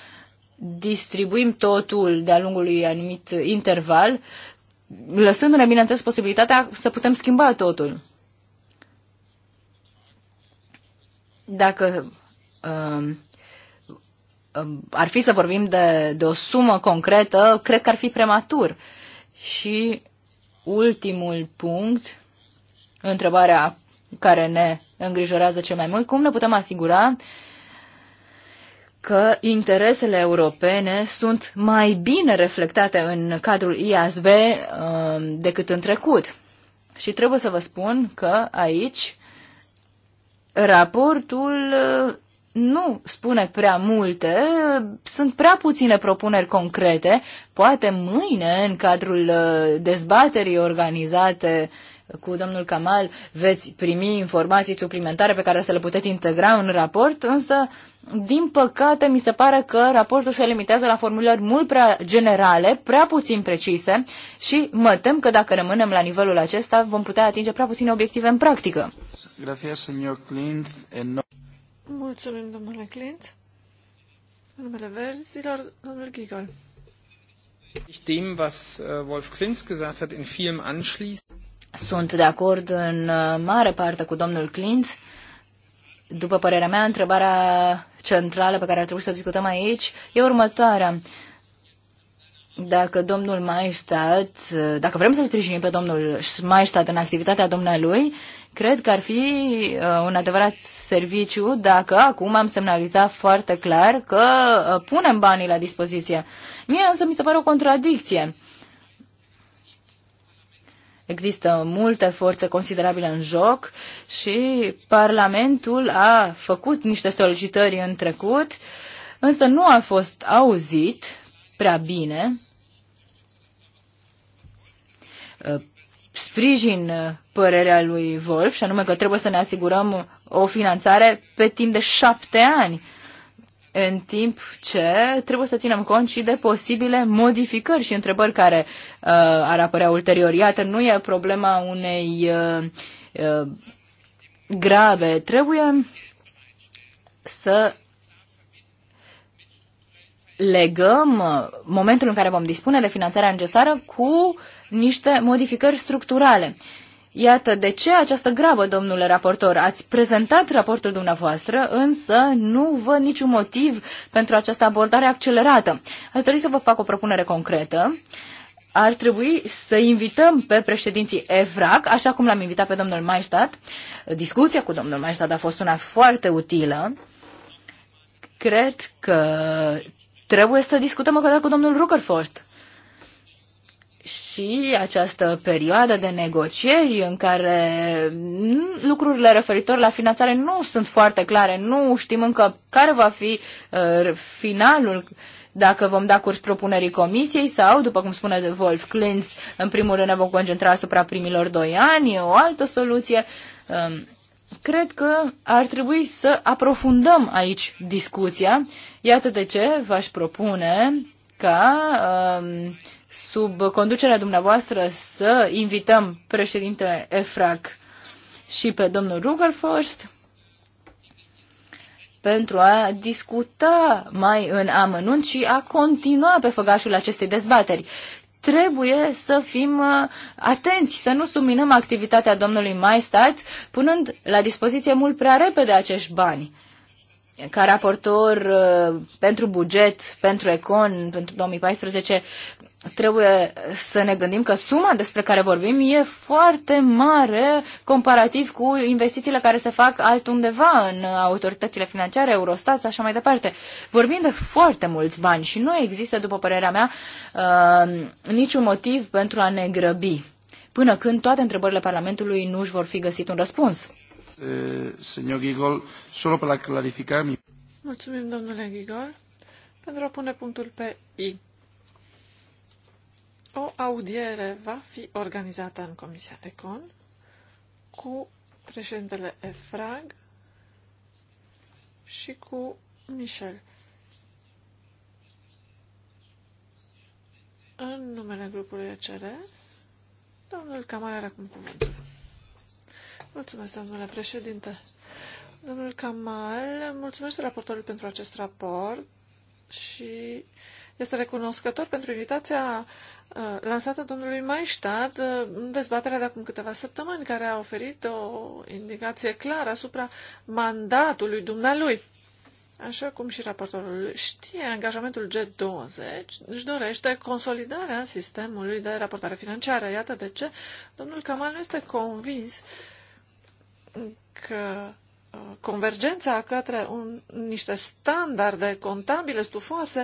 distribuim totul de-a lungul unui anumit interval, lăsându-ne, bineînțeles, posibilitatea să putem schimba totul. Dacă uh, ar fi să vorbim de, de o sumă concretă, cred că ar fi prematur. Și ultimul punct, întrebarea care ne îngrijorează cel mai mult, cum ne putem asigura că interesele europene sunt mai bine reflectate în cadrul IASB um, decât în trecut. Și trebuie să vă spun că aici raportul nu spune prea multe, sunt prea puține propuneri concrete. Poate mâine, în cadrul uh, dezbaterii organizate cu domnul Kamal, veți primi informații suplimentare pe care să le puteți integra în raport, însă, din păcate, mi se pare că raportul se limitează la formulări mult prea generale, prea puțin precise și mă tem că dacă rămânem la nivelul acesta vom putea atinge prea puține obiective în practică. Gracias, Mulțumim, domnule Clint. În numele verzilor, domnul Gigol. Ich dem, was äh, Wolf Klintz gesagt hat, in vielem anschließt. Sunt de acord în uh, mare parte cu domnul Clint. După părerea mea, întrebarea centrală pe care ar trebui să o discutăm aici e următoarea dacă domnul Maestat, dacă vrem să-l sprijinim pe domnul Maestat în activitatea domnului, cred că ar fi uh, un adevărat serviciu dacă acum am semnalizat foarte clar că uh, punem banii la dispoziție. Mie însă mi se pare o contradicție. Există multe forțe considerabile în joc și Parlamentul a făcut niște solicitări în trecut, însă nu a fost auzit prea bine. Uh, sprijin uh, părerea lui Wolf și anume că trebuie să ne asigurăm o finanțare pe timp de șapte ani, în timp ce trebuie să ținem cont și de posibile modificări și întrebări care uh, ar apărea ulterior. Iată, nu e problema unei uh, uh, grave. Trebuie să legăm uh, momentul în care vom dispune de finanțarea necesară cu niște modificări structurale. Iată de ce această grabă, domnule raportor. Ați prezentat raportul dumneavoastră, însă nu văd niciun motiv pentru această abordare accelerată. Aș dori să vă fac o propunere concretă. Ar trebui să invităm pe președinții EVRAC, așa cum l-am invitat pe domnul Maistat. Discuția cu domnul Maistat a fost una foarte utilă. Cred că trebuie să discutăm încă cu domnul Rutherford. Și această perioadă de negocieri în care lucrurile referitor la finanțare nu sunt foarte clare, nu știm încă care va fi uh, finalul dacă vom da curs propunerii comisiei sau, după cum spune Wolf Klintz, în primul rând ne vom concentra asupra primilor doi ani, e o altă soluție. Uh, cred că ar trebui să aprofundăm aici discuția. Iată de ce v-aș propune ca um, sub conducerea dumneavoastră să invităm președintele EFRAC și pe domnul Rugerfost pentru a discuta mai în amănunt și a continua pe făgașul acestei dezbateri trebuie să fim uh, atenți, să nu subminăm activitatea domnului Maestat, punând la dispoziție mult prea repede acești bani. Ca raportor uh, pentru buget, pentru econ, pentru 2014, trebuie să ne gândim că suma despre care vorbim e foarte mare comparativ cu investițiile care se fac altundeva în autoritățile financiare, Eurostat și așa mai departe. Vorbim de foarte mulți bani și nu există, după părerea mea, uh, niciun motiv pentru a ne grăbi până când toate întrebările Parlamentului nu își vor fi găsit un răspuns. Eh, Senor Gigol, Mulțumim, domnule Gigol, pentru a pune punctul pe I o audiere va fi organizată în Comisia Econ cu președintele EFRAG și cu Michel. În numele grupului ECR, domnul Camal are acum cuvântul. Mulțumesc, domnule președinte. Domnul Camal, mulțumesc raportorului pentru acest raport și uh, este recunoscător pentru invitația uh, lansată domnului Maistad uh, în dezbaterea de acum câteva săptămâni, care a oferit o indicație clară asupra mandatului dumnealui. Așa cum și raportorul știe, angajamentul G20 își dorește consolidarea sistemului de raportare financiară. Iată de ce domnul Kamal nu este convins că convergența către un, niște standarde contabile stufoase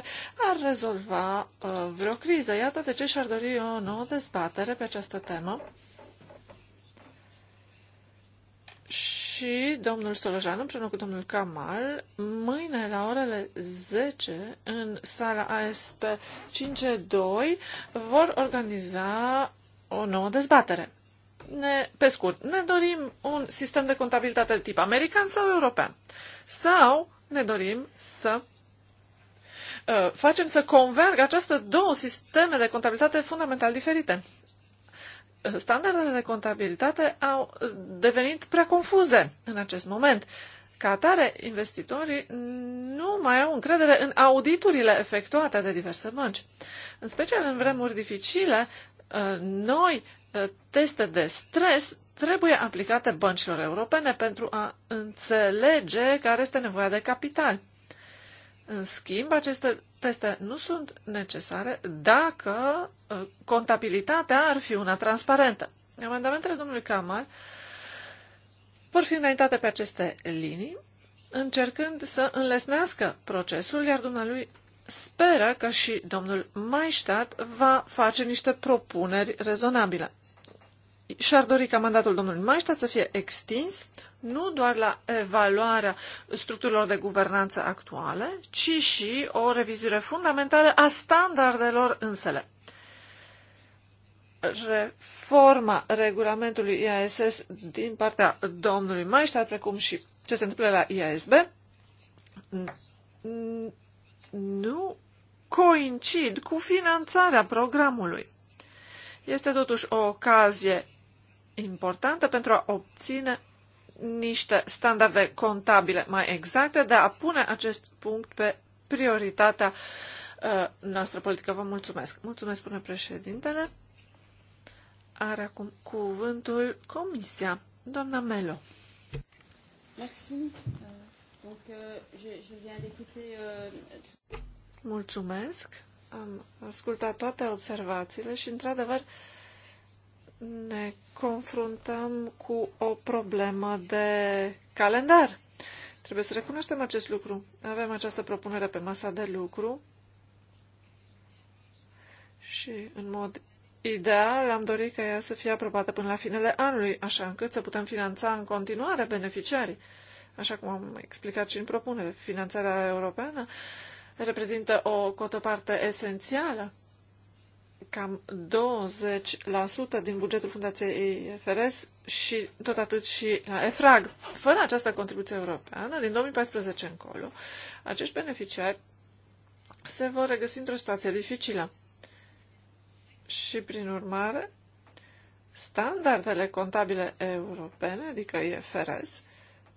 ar rezolva uh, vreo criză. Iată de ce și-ar dori o nouă dezbatere pe această temă. Și domnul Stolojan, împreună cu domnul Kamal, mâine la orele 10 în sala ASP 5.2 vor organiza o nouă dezbatere ne, pe scurt, ne dorim un sistem de contabilitate de tip american sau european? Sau ne dorim să uh, facem să convergă aceste două sisteme de contabilitate fundamental diferite? Uh, standardele de contabilitate au uh, devenit prea confuze în acest moment. Ca atare, investitorii nu mai au încredere în auditurile efectuate de diverse bănci. În special în vremuri dificile, uh, noi Uh, teste de stres trebuie aplicate băncilor europene pentru a înțelege care este nevoia de capital. În schimb, aceste teste nu sunt necesare dacă uh, contabilitatea ar fi una transparentă. Amendamentele domnului Camar, vor fi înaintate pe aceste linii, încercând să înlesnească procesul, iar dumnealui speră că și domnul Maistat va face niște propuneri rezonabile. Și-ar dori ca mandatul domnului Maistat să fie extins nu doar la evaluarea structurilor de guvernanță actuale, ci și o revizuire fundamentală a standardelor însele. Reforma regulamentului IASS din partea domnului Maistat, precum și ce se întâmplă la IASB, nu coincid cu finanțarea programului. Este totuși o ocazie importantă pentru a obține niște standarde contabile mai exacte, de a pune acest punct pe prioritatea uh, noastră politică. Vă mulțumesc. Mulțumesc, spune președintele. Are acum cuvântul Comisia, doamna Melo. Merci. Euh, euh, Mulțumesc! Am ascultat toate observațiile și, într-adevăr, ne confruntăm cu o problemă de calendar. Trebuie să recunoaștem acest lucru. Avem această propunere pe masa de lucru și, în mod ideal, am dorit ca ea să fie aprobată până la finele anului, așa încât să putem finanța în continuare beneficiarii. Așa cum am explicat și în propunere, finanțarea europeană reprezintă o cotoparte esențială cam 20% din bugetul Fundației FRS și tot atât și la EFRAG. Fără această contribuție europeană, din 2014 încolo, acești beneficiari se vor regăsi într-o situație dificilă. Și, prin urmare, standardele contabile europene, adică IFRS,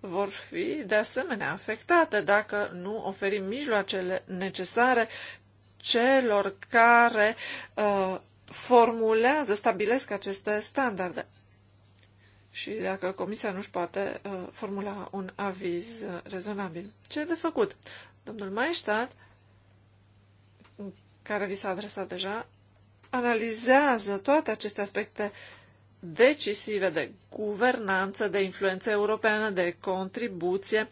vor fi de asemenea afectate dacă nu oferim mijloacele necesare celor care uh, formulează, stabilesc aceste standarde. Și dacă comisia nu-și poate uh, formula un aviz uh, rezonabil. Ce de făcut? Domnul Maestat, care vi s-a adresat deja, analizează toate aceste aspecte uh, decisive de guvernanță, de influență europeană, de contribuție,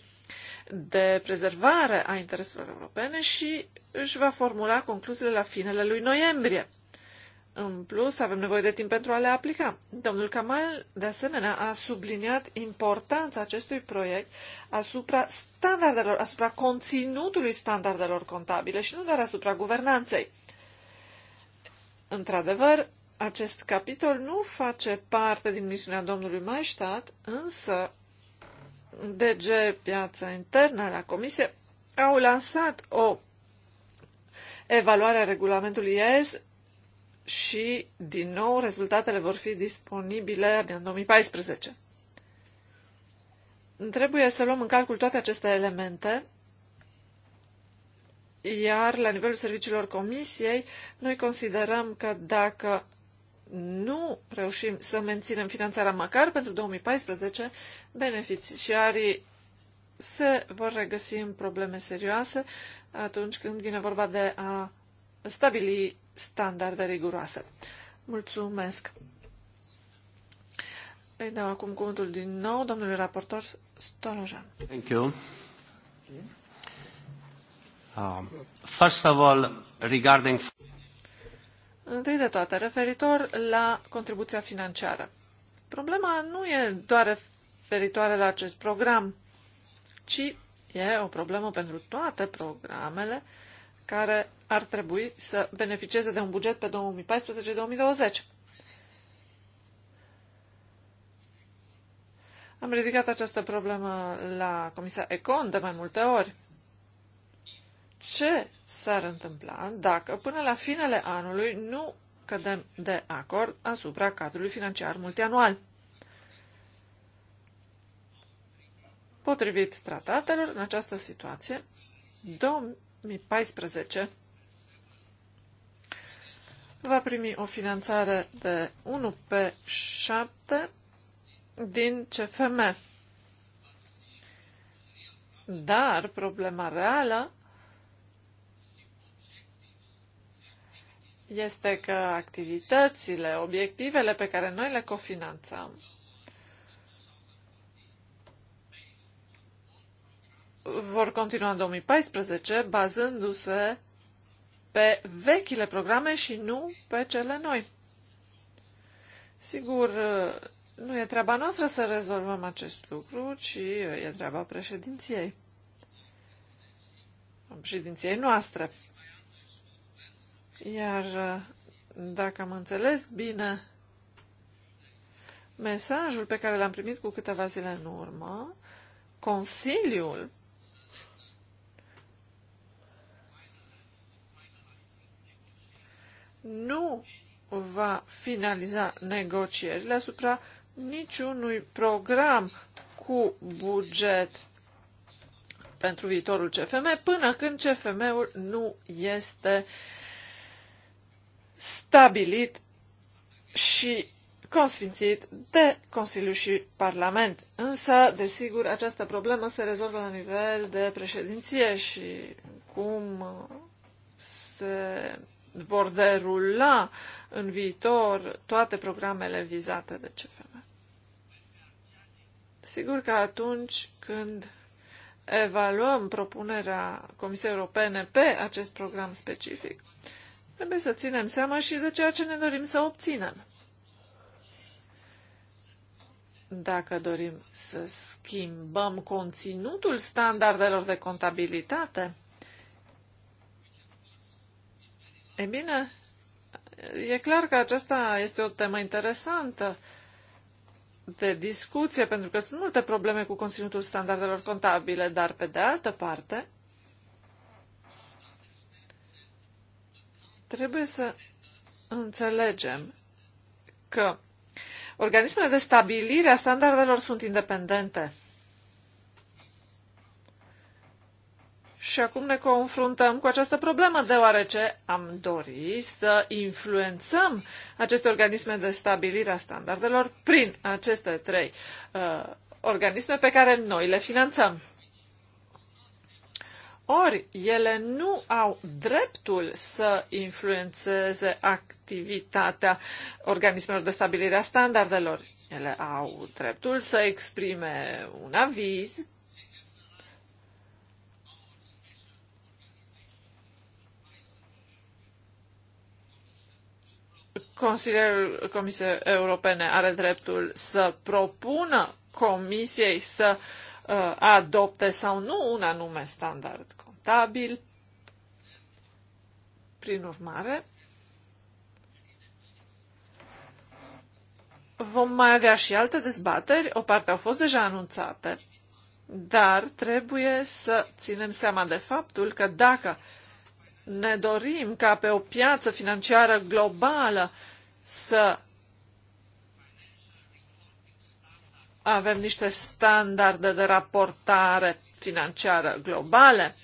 de prezervare a intereselor europene și își va formula concluziile la finele lui noiembrie. În plus, avem nevoie de timp pentru a le aplica. Domnul Kamal, de asemenea, a subliniat importanța acestui proiect asupra standardelor, asupra conținutului standardelor contabile și nu doar asupra guvernanței. Într-adevăr, acest capitol nu face parte din misiunea domnului Maistat, însă DG Piața Internă la Comisie au lansat o evaluare a regulamentului ES și, din nou, rezultatele vor fi disponibile abia în 2014. Trebuie să luăm în calcul toate aceste elemente, iar la nivelul serviciilor comisiei, noi considerăm că dacă nu reușim să menținem finanțarea măcar pentru 2014, beneficiarii se vor regăsi în probleme serioase atunci când vine vorba de a stabili standarde riguroase. Mulțumesc! Îi dau acum cuvântul din nou domnului raportor Stolojan. Thank you. Uh, first of all, regarding... Întâi de toate, referitor la contribuția financiară. Problema nu e doar referitoare la acest program, ci e o problemă pentru toate programele care ar trebui să beneficieze de un buget pe 2014-2020. Am ridicat această problemă la Comisia Econ de mai multe ori ce s-ar întâmpla dacă până la finele anului nu cădem de acord asupra cadrului financiar multianual. Potrivit tratatelor, în această situație, 2014 va primi o finanțare de 1 pe 7 din CFM. Dar problema reală este că activitățile, obiectivele pe care noi le cofinanțăm vor continua în 2014 bazându-se pe vechile programe și nu pe cele noi. Sigur, nu e treaba noastră să rezolvăm acest lucru, ci e treaba președinției. Președinției noastre. Iar uh, dacă am înțeles bine mesajul pe care l-am primit cu câteva zile în urmă, Consiliul nu va finaliza negocierile asupra niciunui program cu buget pentru viitorul CFM până când CFM-ul nu este uh, stabilit și consfințit de Consiliu și Parlament. Însă, desigur, această problemă se rezolvă la nivel de președinție și cum se vor derula în viitor toate programele vizate de CFM. Sigur că atunci când evaluăm propunerea Comisiei Europene pe acest program specific, Trebuie să ținem seama și de ceea ce ne dorim să obținem. Dacă dorim să schimbăm conținutul standardelor de contabilitate, e bine, e clar că aceasta este o temă interesantă de discuție, pentru că sunt multe probleme cu conținutul standardelor contabile, dar pe de altă parte, Trebuie să înțelegem că organismele de stabilire a standardelor sunt independente. Și acum ne confruntăm cu această problemă, deoarece am dori să influențăm aceste organisme de stabilire a standardelor prin aceste trei uh, organisme pe care noi le finanțăm ori ele nu au dreptul să influențeze activitatea organismelor de stabilire a standardelor. Ele au dreptul să exprime un aviz Consiliul Comisiei Europene are dreptul să propună Comisiei să uh, Uh, adopte sau nu un anume standard contabil. Prin urmare, vom mai avea și alte dezbateri, o parte au fost deja anunțate, dar trebuie să ținem seama de faptul că dacă ne dorim ca pe o piață financiară globală să Avem niște standarde de raportare financiară globale.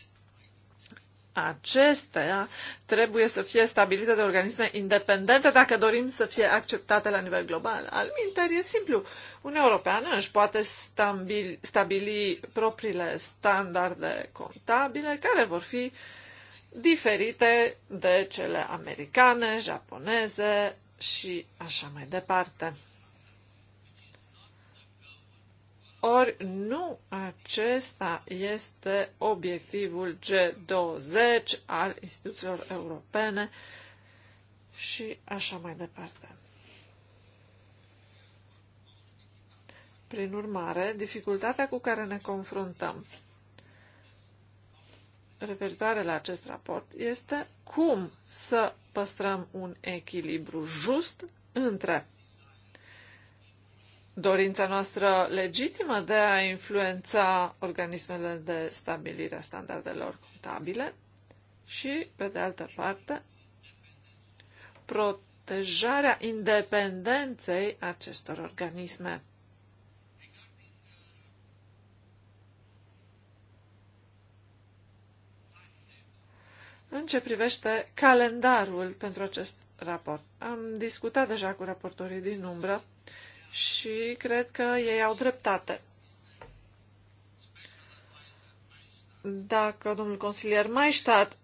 Acestea trebuie să fie stabilite de organisme independente dacă dorim să fie acceptate la nivel global. Al minter e simplu. Uniunea Europeană își poate stabili, stabili propriile standarde contabile care vor fi diferite de cele americane, japoneze și așa mai departe. Ori nu acesta este obiectivul G20 al instituțiilor europene și așa mai departe. Prin urmare, dificultatea cu care ne confruntăm referitoare la acest raport este cum să păstrăm un echilibru just între dorința noastră legitimă de a influența organismele de stabilire a standardelor contabile și, pe de altă parte, protejarea independenței acestor organisme. În ce privește calendarul pentru acest raport, am discutat deja cu raportorii din umbră și cred că ei au dreptate. Dacă domnul consilier Maistat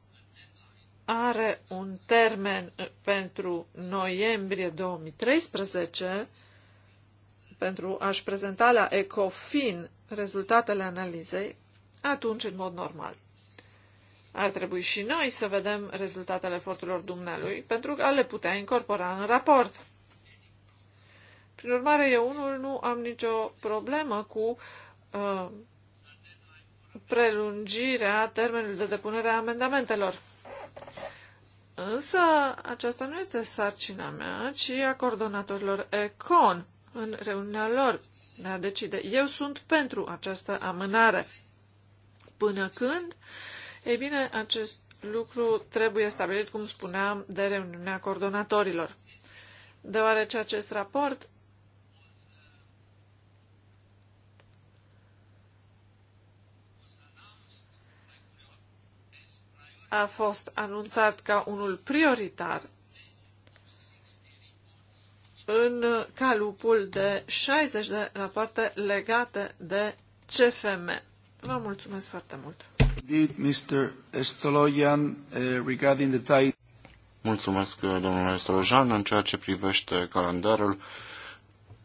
are un termen pentru noiembrie 2013 pentru a-și prezenta la ECOFIN rezultatele analizei, atunci, în mod normal, ar trebui și noi să vedem rezultatele eforturilor dumnealui pentru a le putea incorpora în raport. Prin urmare, eu unul nu am nicio problemă cu uh, prelungirea termenului de depunere a amendamentelor. Însă aceasta nu este sarcina mea, ci a coordonatorilor ECON în reuniunea lor de a decide. Eu sunt pentru această amânare. Până când? Ei bine, acest lucru trebuie stabilit, cum spuneam, de reuniunea coordonatorilor. Deoarece acest raport a fost anunțat ca unul prioritar în calupul de 60 de rapoarte legate de CFM. Vă mulțumesc foarte mult! Mr. Estoloyan, uh, regarding the tie... Mulțumesc, uh, domnule Estolojan. În ceea ce privește calendarul,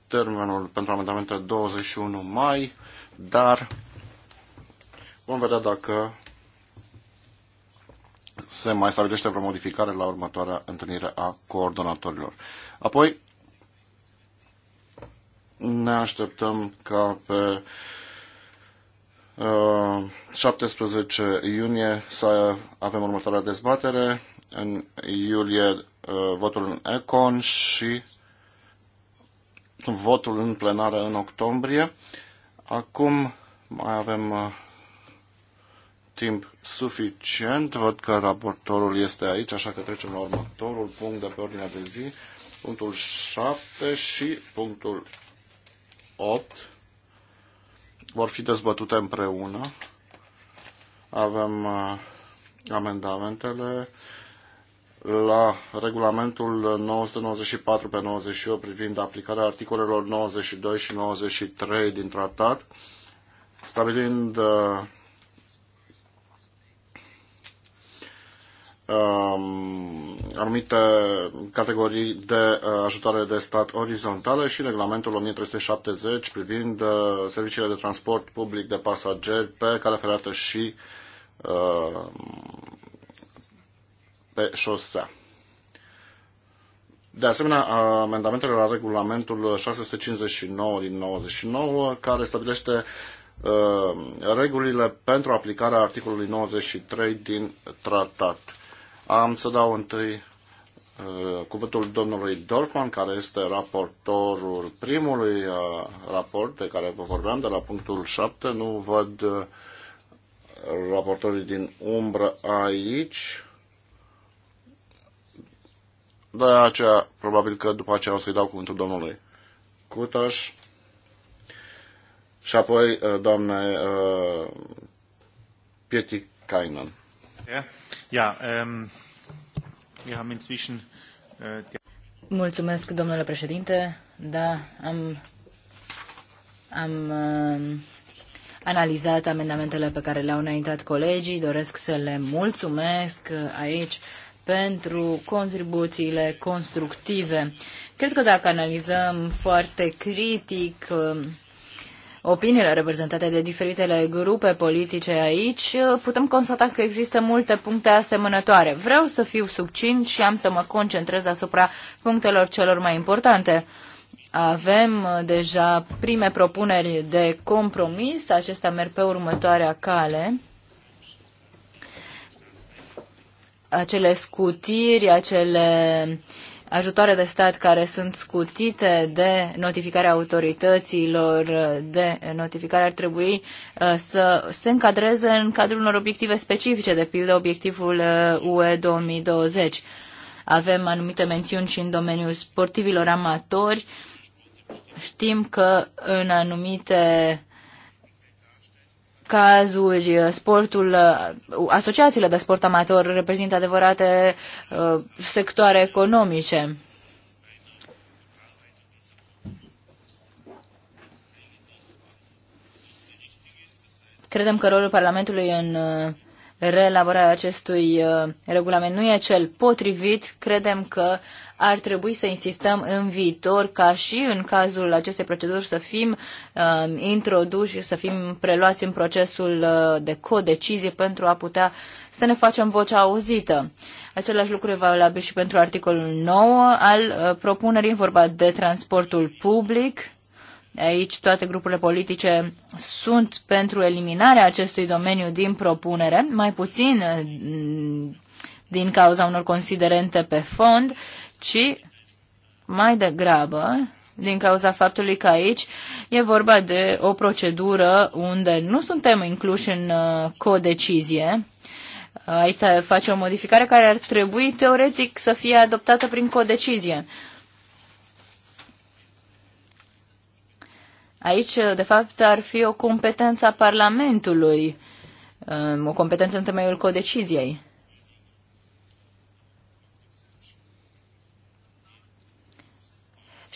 termenul pentru amendamente 21 mai, dar vom vedea dacă se mai stabilește vreo modificare la următoarea întâlnire a coordonatorilor. Apoi, ne așteptăm ca pe 17 uh, iunie să avem următoarea dezbatere, în iulie uh, votul în Econ și votul în plenară în octombrie. Acum mai avem uh, timp suficient. Văd că raportorul este aici, așa că trecem la următorul punct de pe ordinea de zi, punctul 7 și punctul 8 vor fi dezbătute împreună. Avem uh, amendamentele la regulamentul 994 pe 98 privind aplicarea articolelor 92 și 93 din tratat, stabilind uh, Um, anumite categorii de uh, ajutoare de stat orizontale și regulamentul 1370 privind uh, serviciile de transport public de pasageri pe cale ferată și uh, pe șosea. De asemenea, amendamentele la regulamentul 659 din 99, care stabilește regulile pentru aplicarea articolului 93 din tratat. Am să dau întâi uh, cuvântul domnului Dorfman, care este raportorul primului uh, raport de care vă vorbeam, de la punctul 7. Nu văd uh, raportorii din umbră aici. De aceea, probabil că după aceea o să-i dau cuvântul domnului Cutaș. Și apoi, doamne, Pieti Kainan. Yeah. Ja, ähm, wir haben inzwischen, äh, Mulțumesc, domnule președinte. Da, am, am uh, analizat amendamentele pe care le-au înaintat colegii. Doresc să le mulțumesc aici pentru contribuțiile constructive. Cred că dacă analizăm foarte critic um, opiniile reprezentate de diferitele grupe politice aici, putem constata că există multe puncte asemănătoare. Vreau să fiu succint și am să mă concentrez asupra punctelor celor mai importante. Avem deja prime propuneri de compromis, acestea merg pe următoarea cale. Acele scutiri, acele uh, ajutoare de stat care sunt scutite de notificarea autorităților, de notificare ar trebui uh, să se încadreze în cadrul unor obiective specifice, de pildă obiectivul uh, UE 2020. Avem anumite mențiuni și în domeniul sportivilor amatori. Știm că în anumite cazuri, uh, sportul, uh, asociațiile de sport amator reprezintă adevărate uh, sectoare economice. Credem că rolul Parlamentului în uh, reelaborarea acestui regulament nu e cel potrivit. Credem că ar trebui să insistăm în viitor ca și în cazul acestei proceduri să fim uh, introduși, să fim preluați în procesul uh, de codecizie pentru a putea să ne facem vocea auzită. Același lucru e valabil și pentru articolul 9 al uh, propunerii, vorba de transportul public. Aici toate grupurile politice sunt pentru eliminarea acestui domeniu din propunere, mai puțin uh, din cauza unor considerente pe fond ci mai degrabă din cauza faptului că aici e vorba de o procedură unde nu suntem incluși în uh, codecizie. Aici se face o modificare care ar trebui teoretic să fie adoptată prin codecizie. Aici, de fapt, ar fi o competență a Parlamentului, um, o competență în temeiul codeciziei.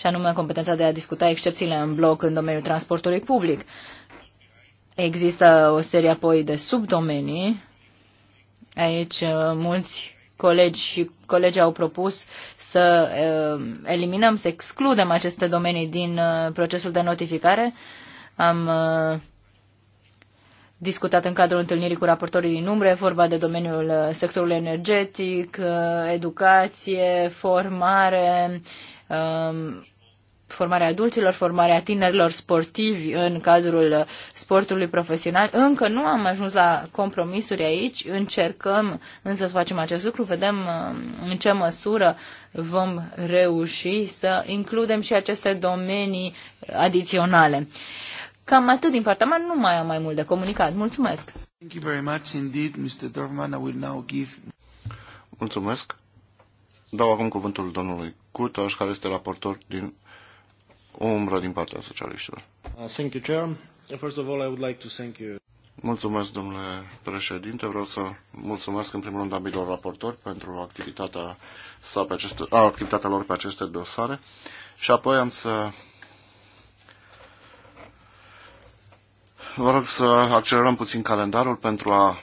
și anume competența de a discuta excepțiile în bloc în domeniul transportului public. Există o serie apoi de subdomenii. Aici uh, mulți colegi și colegi au propus să uh, eliminăm, să excludem aceste domenii din uh, procesul de notificare. Am discutat în cadrul întâlnirii cu raportorii din umbre, vorba de domeniul sectorului energetic, educație, formare, Um, formarea adulților, formarea tinerilor sportivi în cadrul sportului profesional. Încă nu am ajuns la compromisuri aici, încercăm însă să facem acest lucru, vedem um, în ce măsură vom reuși să includem și aceste domenii adiționale. Cam atât din partea mea, nu mai am mai mult de comunicat. Mulțumesc! Thank you very much indeed, Mr. I will now give... Mulțumesc! Dau acum cuvântul domnului Cutaș, care este raportor din umbră din partea socialiștilor. Uh, thank you, Chair. First of all, I would like to thank you. Mulțumesc, domnule președinte. Vreau să mulțumesc în primul rând ambilor raportori pentru activitatea, sa pe aceste, a, activitatea lor pe aceste dosare și apoi am să vă rog să accelerăm puțin calendarul pentru a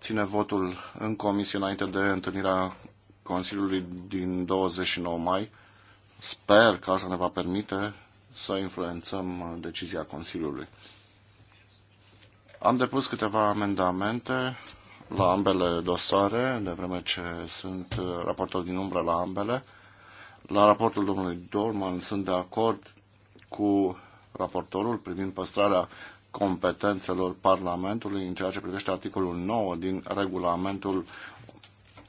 ține votul în comisie înainte de întâlnirea Consiliului din 29 mai. Sper că asta ne va permite să influențăm decizia Consiliului. Am depus câteva amendamente la ambele dosare, de vreme ce sunt raportor din umbră la ambele. La raportul domnului Dorman sunt de acord cu raportorul privind păstrarea competențelor Parlamentului în ceea ce privește articolul 9 din regulamentul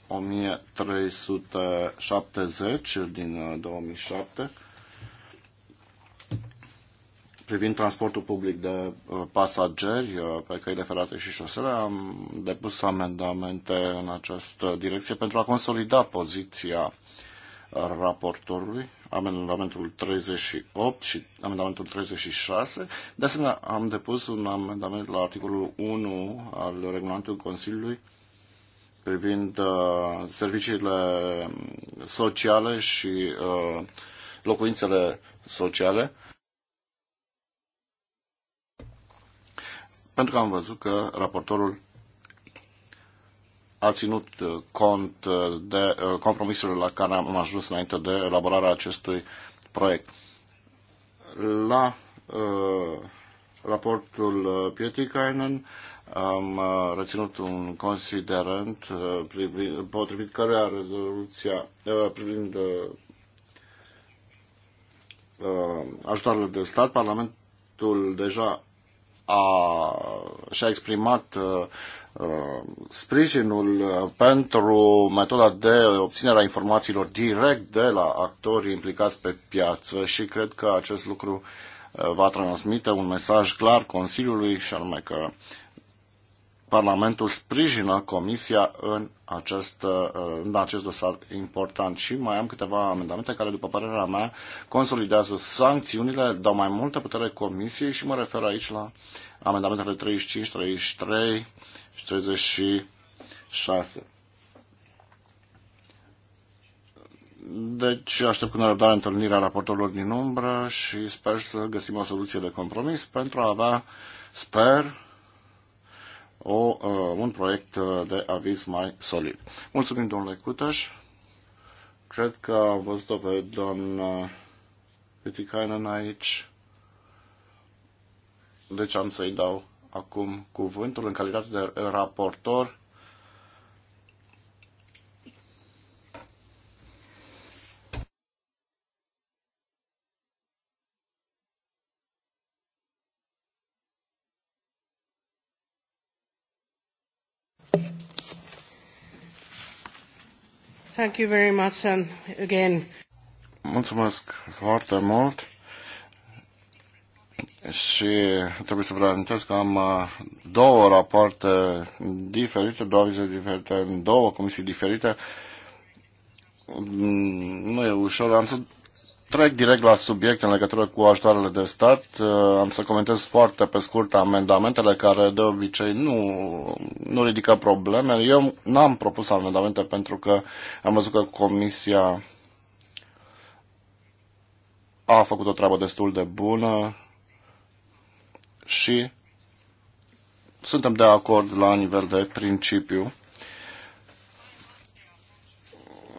1370 din 2007 uh, privind transportul public de uh, pasageri uh, pe căile ferate și șosele, am depus amendamente în această direcție pentru a consolida poziția raportorului, amendamentul 38 și amendamentul 36. De asemenea, am depus un amendament la articolul 1 al regulamentului Consiliului privind uh, serviciile sociale și uh, locuințele sociale. Pentru că am văzut că raportorul a ținut uh, cont de compromisurile la care am ajuns înainte de elaborarea acestui proiect. La uh, raportul Pietikainen am uh, reținut un considerent uh, potrivit căruia rezoluția uh, privind ajutorul de stat, Parlamentul deja a, și-a exprimat sprijinul pentru metoda de obținere a informațiilor direct de la actorii implicați pe piață și cred că acest lucru va transmite un mesaj clar Consiliului și anume că uh, Parlamentul sprijină Comisia în acest, uh, în acest dosar important și mai am câteva amendamente care, după părerea mea, consolidează sancțiunile, dau mai multă putere Comisiei și mă refer aici la amendamentele 35, 33 și 36. Deci aștept cu nerăbdare întâlnirea raportorilor din umbră și sper să găsim o soluție de compromis pentru a avea, sper, o, uh, un proiect uh, de aviz mai solid. Mulțumim, domnule Cutaș. Cred că a văzut pe doamna Pitikainen aici. Deci am să-i dau acum cuvântul în calitate de raportor Thank you very much and again. Mulțumesc foarte mult și trebuie să vă reamintesc că am uh, două rapoarte diferite, două vize diferite, în două comisii diferite. Mm, nu e ușor, am să trec direct la subiect în legătură cu ajutoarele de stat. Uh, am să comentez foarte pe scurt amendamentele care de obicei nu, nu ridică probleme. Eu n-am propus amendamente pentru că am văzut că Comisia a făcut o treabă destul de bună și suntem de acord la nivel de principiu.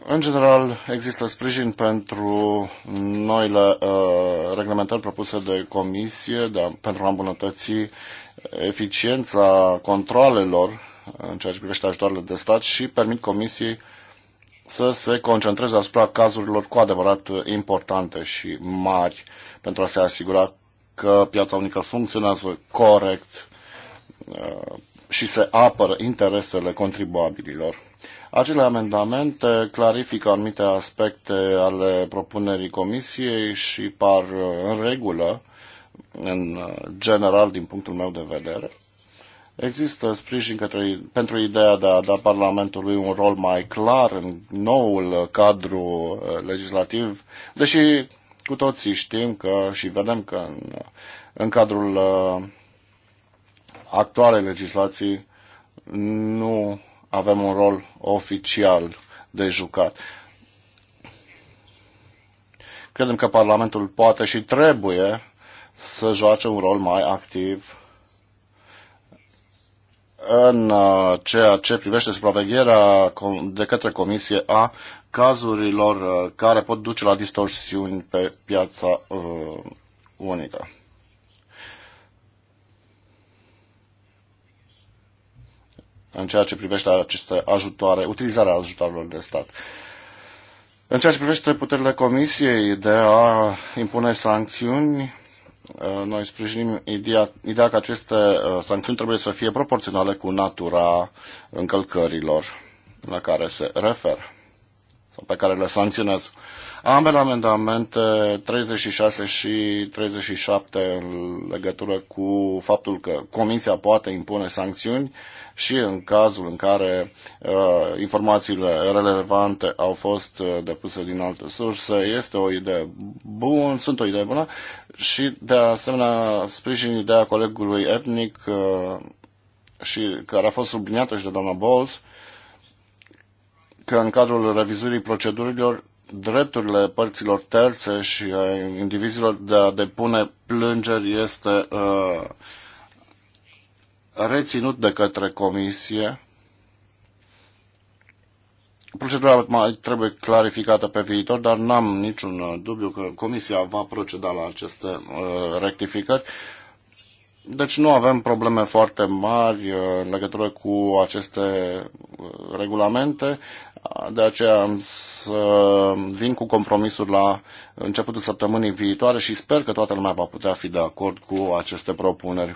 În general, există sprijin pentru noile uh, reglementări propuse de comisie de a, pentru a îmbunătăți eficiența controlelor în ceea ce privește ajutoarele de stat și permit comisiei să se concentreze asupra cazurilor cu adevărat importante și mari pentru a se asigura că piața unică funcționează corect uh, și se apără interesele contribuabililor. Acele amendamente clarifică anumite aspecte ale propunerii Comisiei și par uh, în regulă, în uh, general, din punctul meu de vedere. Există sprijin către, pentru ideea de a da Parlamentului un rol mai clar în noul cadru uh, legislativ, deși cu toții știm că și vedem că în, în cadrul actualei legislații nu avem un rol oficial de jucat. Credem că Parlamentul poate și trebuie să joace un rol mai activ în uh, ceea ce privește supravegherea de către Comisie a cazurilor uh, care pot duce la distorsiuni pe piața uh, unică. în ceea ce privește aceste ajutoare, utilizarea ajutoarelor de stat. În ceea ce privește puterile Comisiei de a impune sancțiuni, uh, noi sprijinim ideea, ideea că aceste uh, sancțiuni trebuie să fie proporționale cu natura încălcărilor la care se referă sau pe care le sancționează. Ambele amendamente 36 și 37 în legătură cu faptul că Comisia poate impune sancțiuni și în cazul în care uh, informațiile relevante au fost uh, depuse din alte surse, este o idee bună, sunt o idee bună și de asemenea sprijin ideea colegului etnic uh, și care a fost subliniată și de doamna Bowles, că în cadrul revizuirii procedurilor drepturile părților terțe și a indivizilor de a depune plângeri este uh, reținut de către comisie. Procedura mai trebuie clarificată pe viitor, dar n-am niciun uh, dubiu că comisia va proceda la aceste uh, rectificări. Deci nu avem probleme foarte mari în legătură cu aceste regulamente. De aceea am să vin cu compromisuri la începutul săptămânii viitoare și sper că toată lumea va putea fi de acord cu aceste propuneri.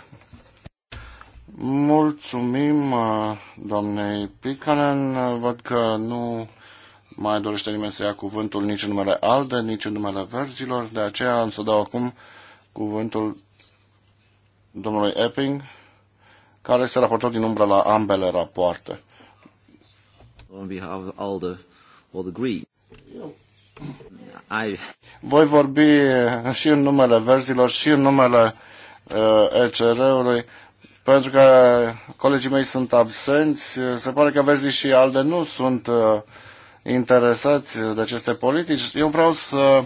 Mulțumim uh, doamnei Picanen. Văd că nu mai dorește nimeni să ia cuvântul nici în numele ALDE, nici în numele Verzilor. De aceea am să dau acum cuvântul domnului Epping, care este raportor din umbră la ambele rapoarte. On behalf of ALDE or the Green. I... Voi vorbi uh, și în numele verzilor și în numele uh, ECR-ului, pentru că colegii mei sunt absenți. Se pare că verzii și ALDE nu sunt uh, interesați de aceste politici. Eu vreau să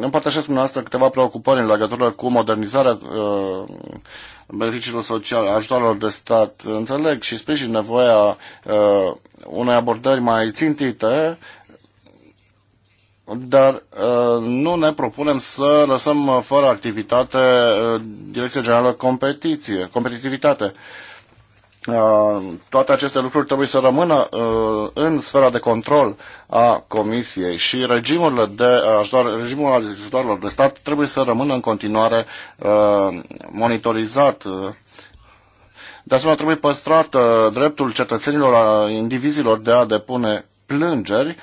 împărtășesc noastră câteva preocupări în legătură cu modernizarea uh, beneficiilor sociale, ajutoarelor de stat. Înțeleg și sprijin nevoia uh, unei abordări mai țintite, dar uh, nu ne propunem să lăsăm fără activitate Direcția Generală Competiție, competitivitate Uh, toate aceste lucruri trebuie să rămână uh, în sfera de control a Comisiei și regimurile de uh, ajutor, regimul ajutorilor de stat trebuie să rămână în continuare monitorizat. De asemenea, trebuie păstrat dreptul cetățenilor, a indivizilor de a depune plângeri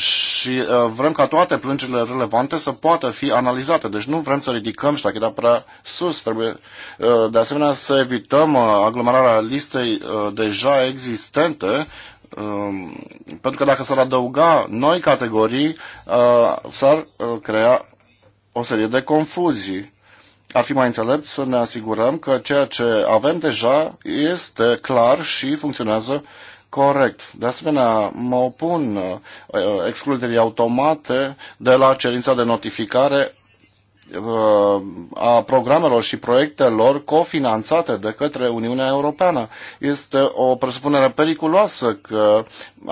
și uh, vrem ca toate plângerile relevante să poată fi analizate. Deci nu vrem să ridicăm ștacheta prea sus. Trebuie uh, de asemenea să evităm uh, aglomerarea listei deja existente um, pentru că dacă s-ar adăuga noi categorii, s-ar crea o serie de confuzii. Ar fi mai înțelept să ne asigurăm că ceea ce avem deja este clar și funcționează corect. De asemenea, mă opun uh, uh, excluderii automate de la cerința de notificare uh, a programelor și proiectelor cofinanțate de către Uniunea Europeană. Este o presupunere periculoasă că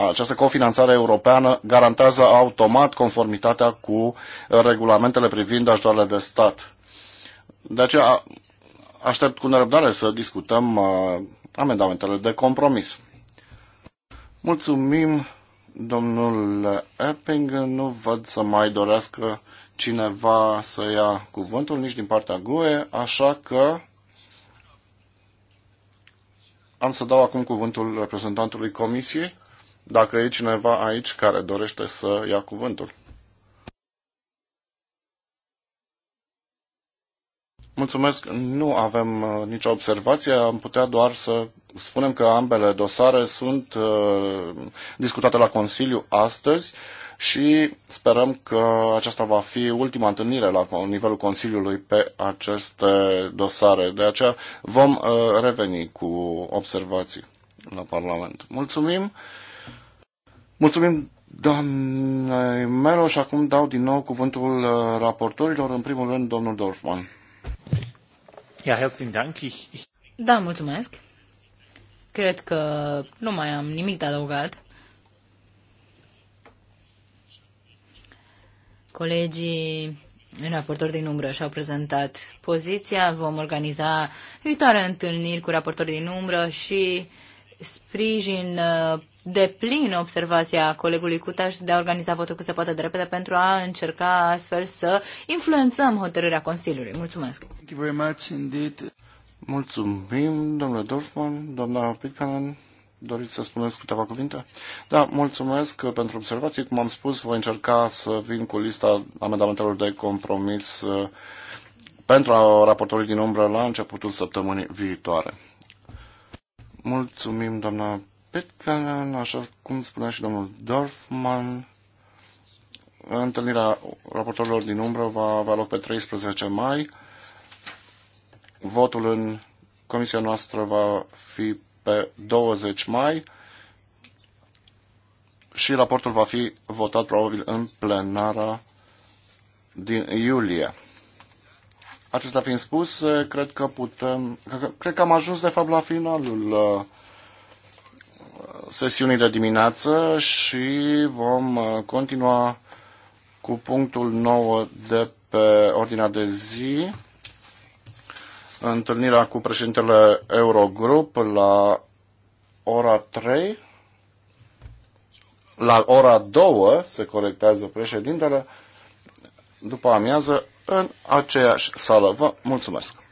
această cofinanțare europeană garantează automat conformitatea cu regulamentele privind ajutoarele de stat. De aceea aștept cu nerăbdare să discutăm amendamentele de compromis. Mulțumim, domnul Epping. Nu văd să mai dorească cineva să ia cuvântul, nici din partea GUE, așa că am să dau acum cuvântul reprezentantului Comisiei, dacă e cineva aici care dorește să ia cuvântul. Mulțumesc, nu avem uh, nicio observație, am putea doar să spunem că ambele dosare sunt uh, discutate la Consiliu astăzi și sperăm că aceasta va fi ultima întâlnire la nivelul Consiliului pe aceste dosare. De aceea vom uh, reveni cu observații la Parlament. Mulțumim! Mulțumim doamne Melo și acum dau din nou cuvântul raportorilor, în primul rând domnul Dorfman. Ja, herzlichen Dank. Ich, ich... Da, mulțumesc. Cred că nu mai am nimic de adăugat. Colegii raportor din umbră și-au prezentat poziția. Vom organiza viitoare întâlniri cu raportori din umbră și sprijin uh, de plin observația colegului Cutaș de a organiza votul cât se poate de repede pentru a încerca astfel să influențăm hotărârea Consiliului. Mulțumesc! Thank you very much indeed. Mulțumim, domnule Dorfman, doamna Pitcanan. Doriți să spuneți câteva cuvinte? Da, mulțumesc pentru observații. Cum am spus, voi încerca să vin cu lista amendamentelor de compromis uh, pentru a raportorii din umbră la începutul săptămânii viitoare. Mulțumim, doamna Pitcairn, așa cum spunea și domnul Dorfman, întâlnirea raportorilor din umbră va avea loc pe 13 mai. Votul în comisia noastră va fi pe 20 mai și raportul va fi votat probabil în plenara din iulie. Acesta fiind spus, cred că putem, cred că am ajuns de fapt la finalul uh, sesiunii de dimineață și vom uh, continua cu punctul 9 de pe ordinea de zi, întâlnirea cu președintele Eurogrup la ora 3, la ora 2 se corectează președintele, după amiază, în aceeași sală. Vă mulțumesc!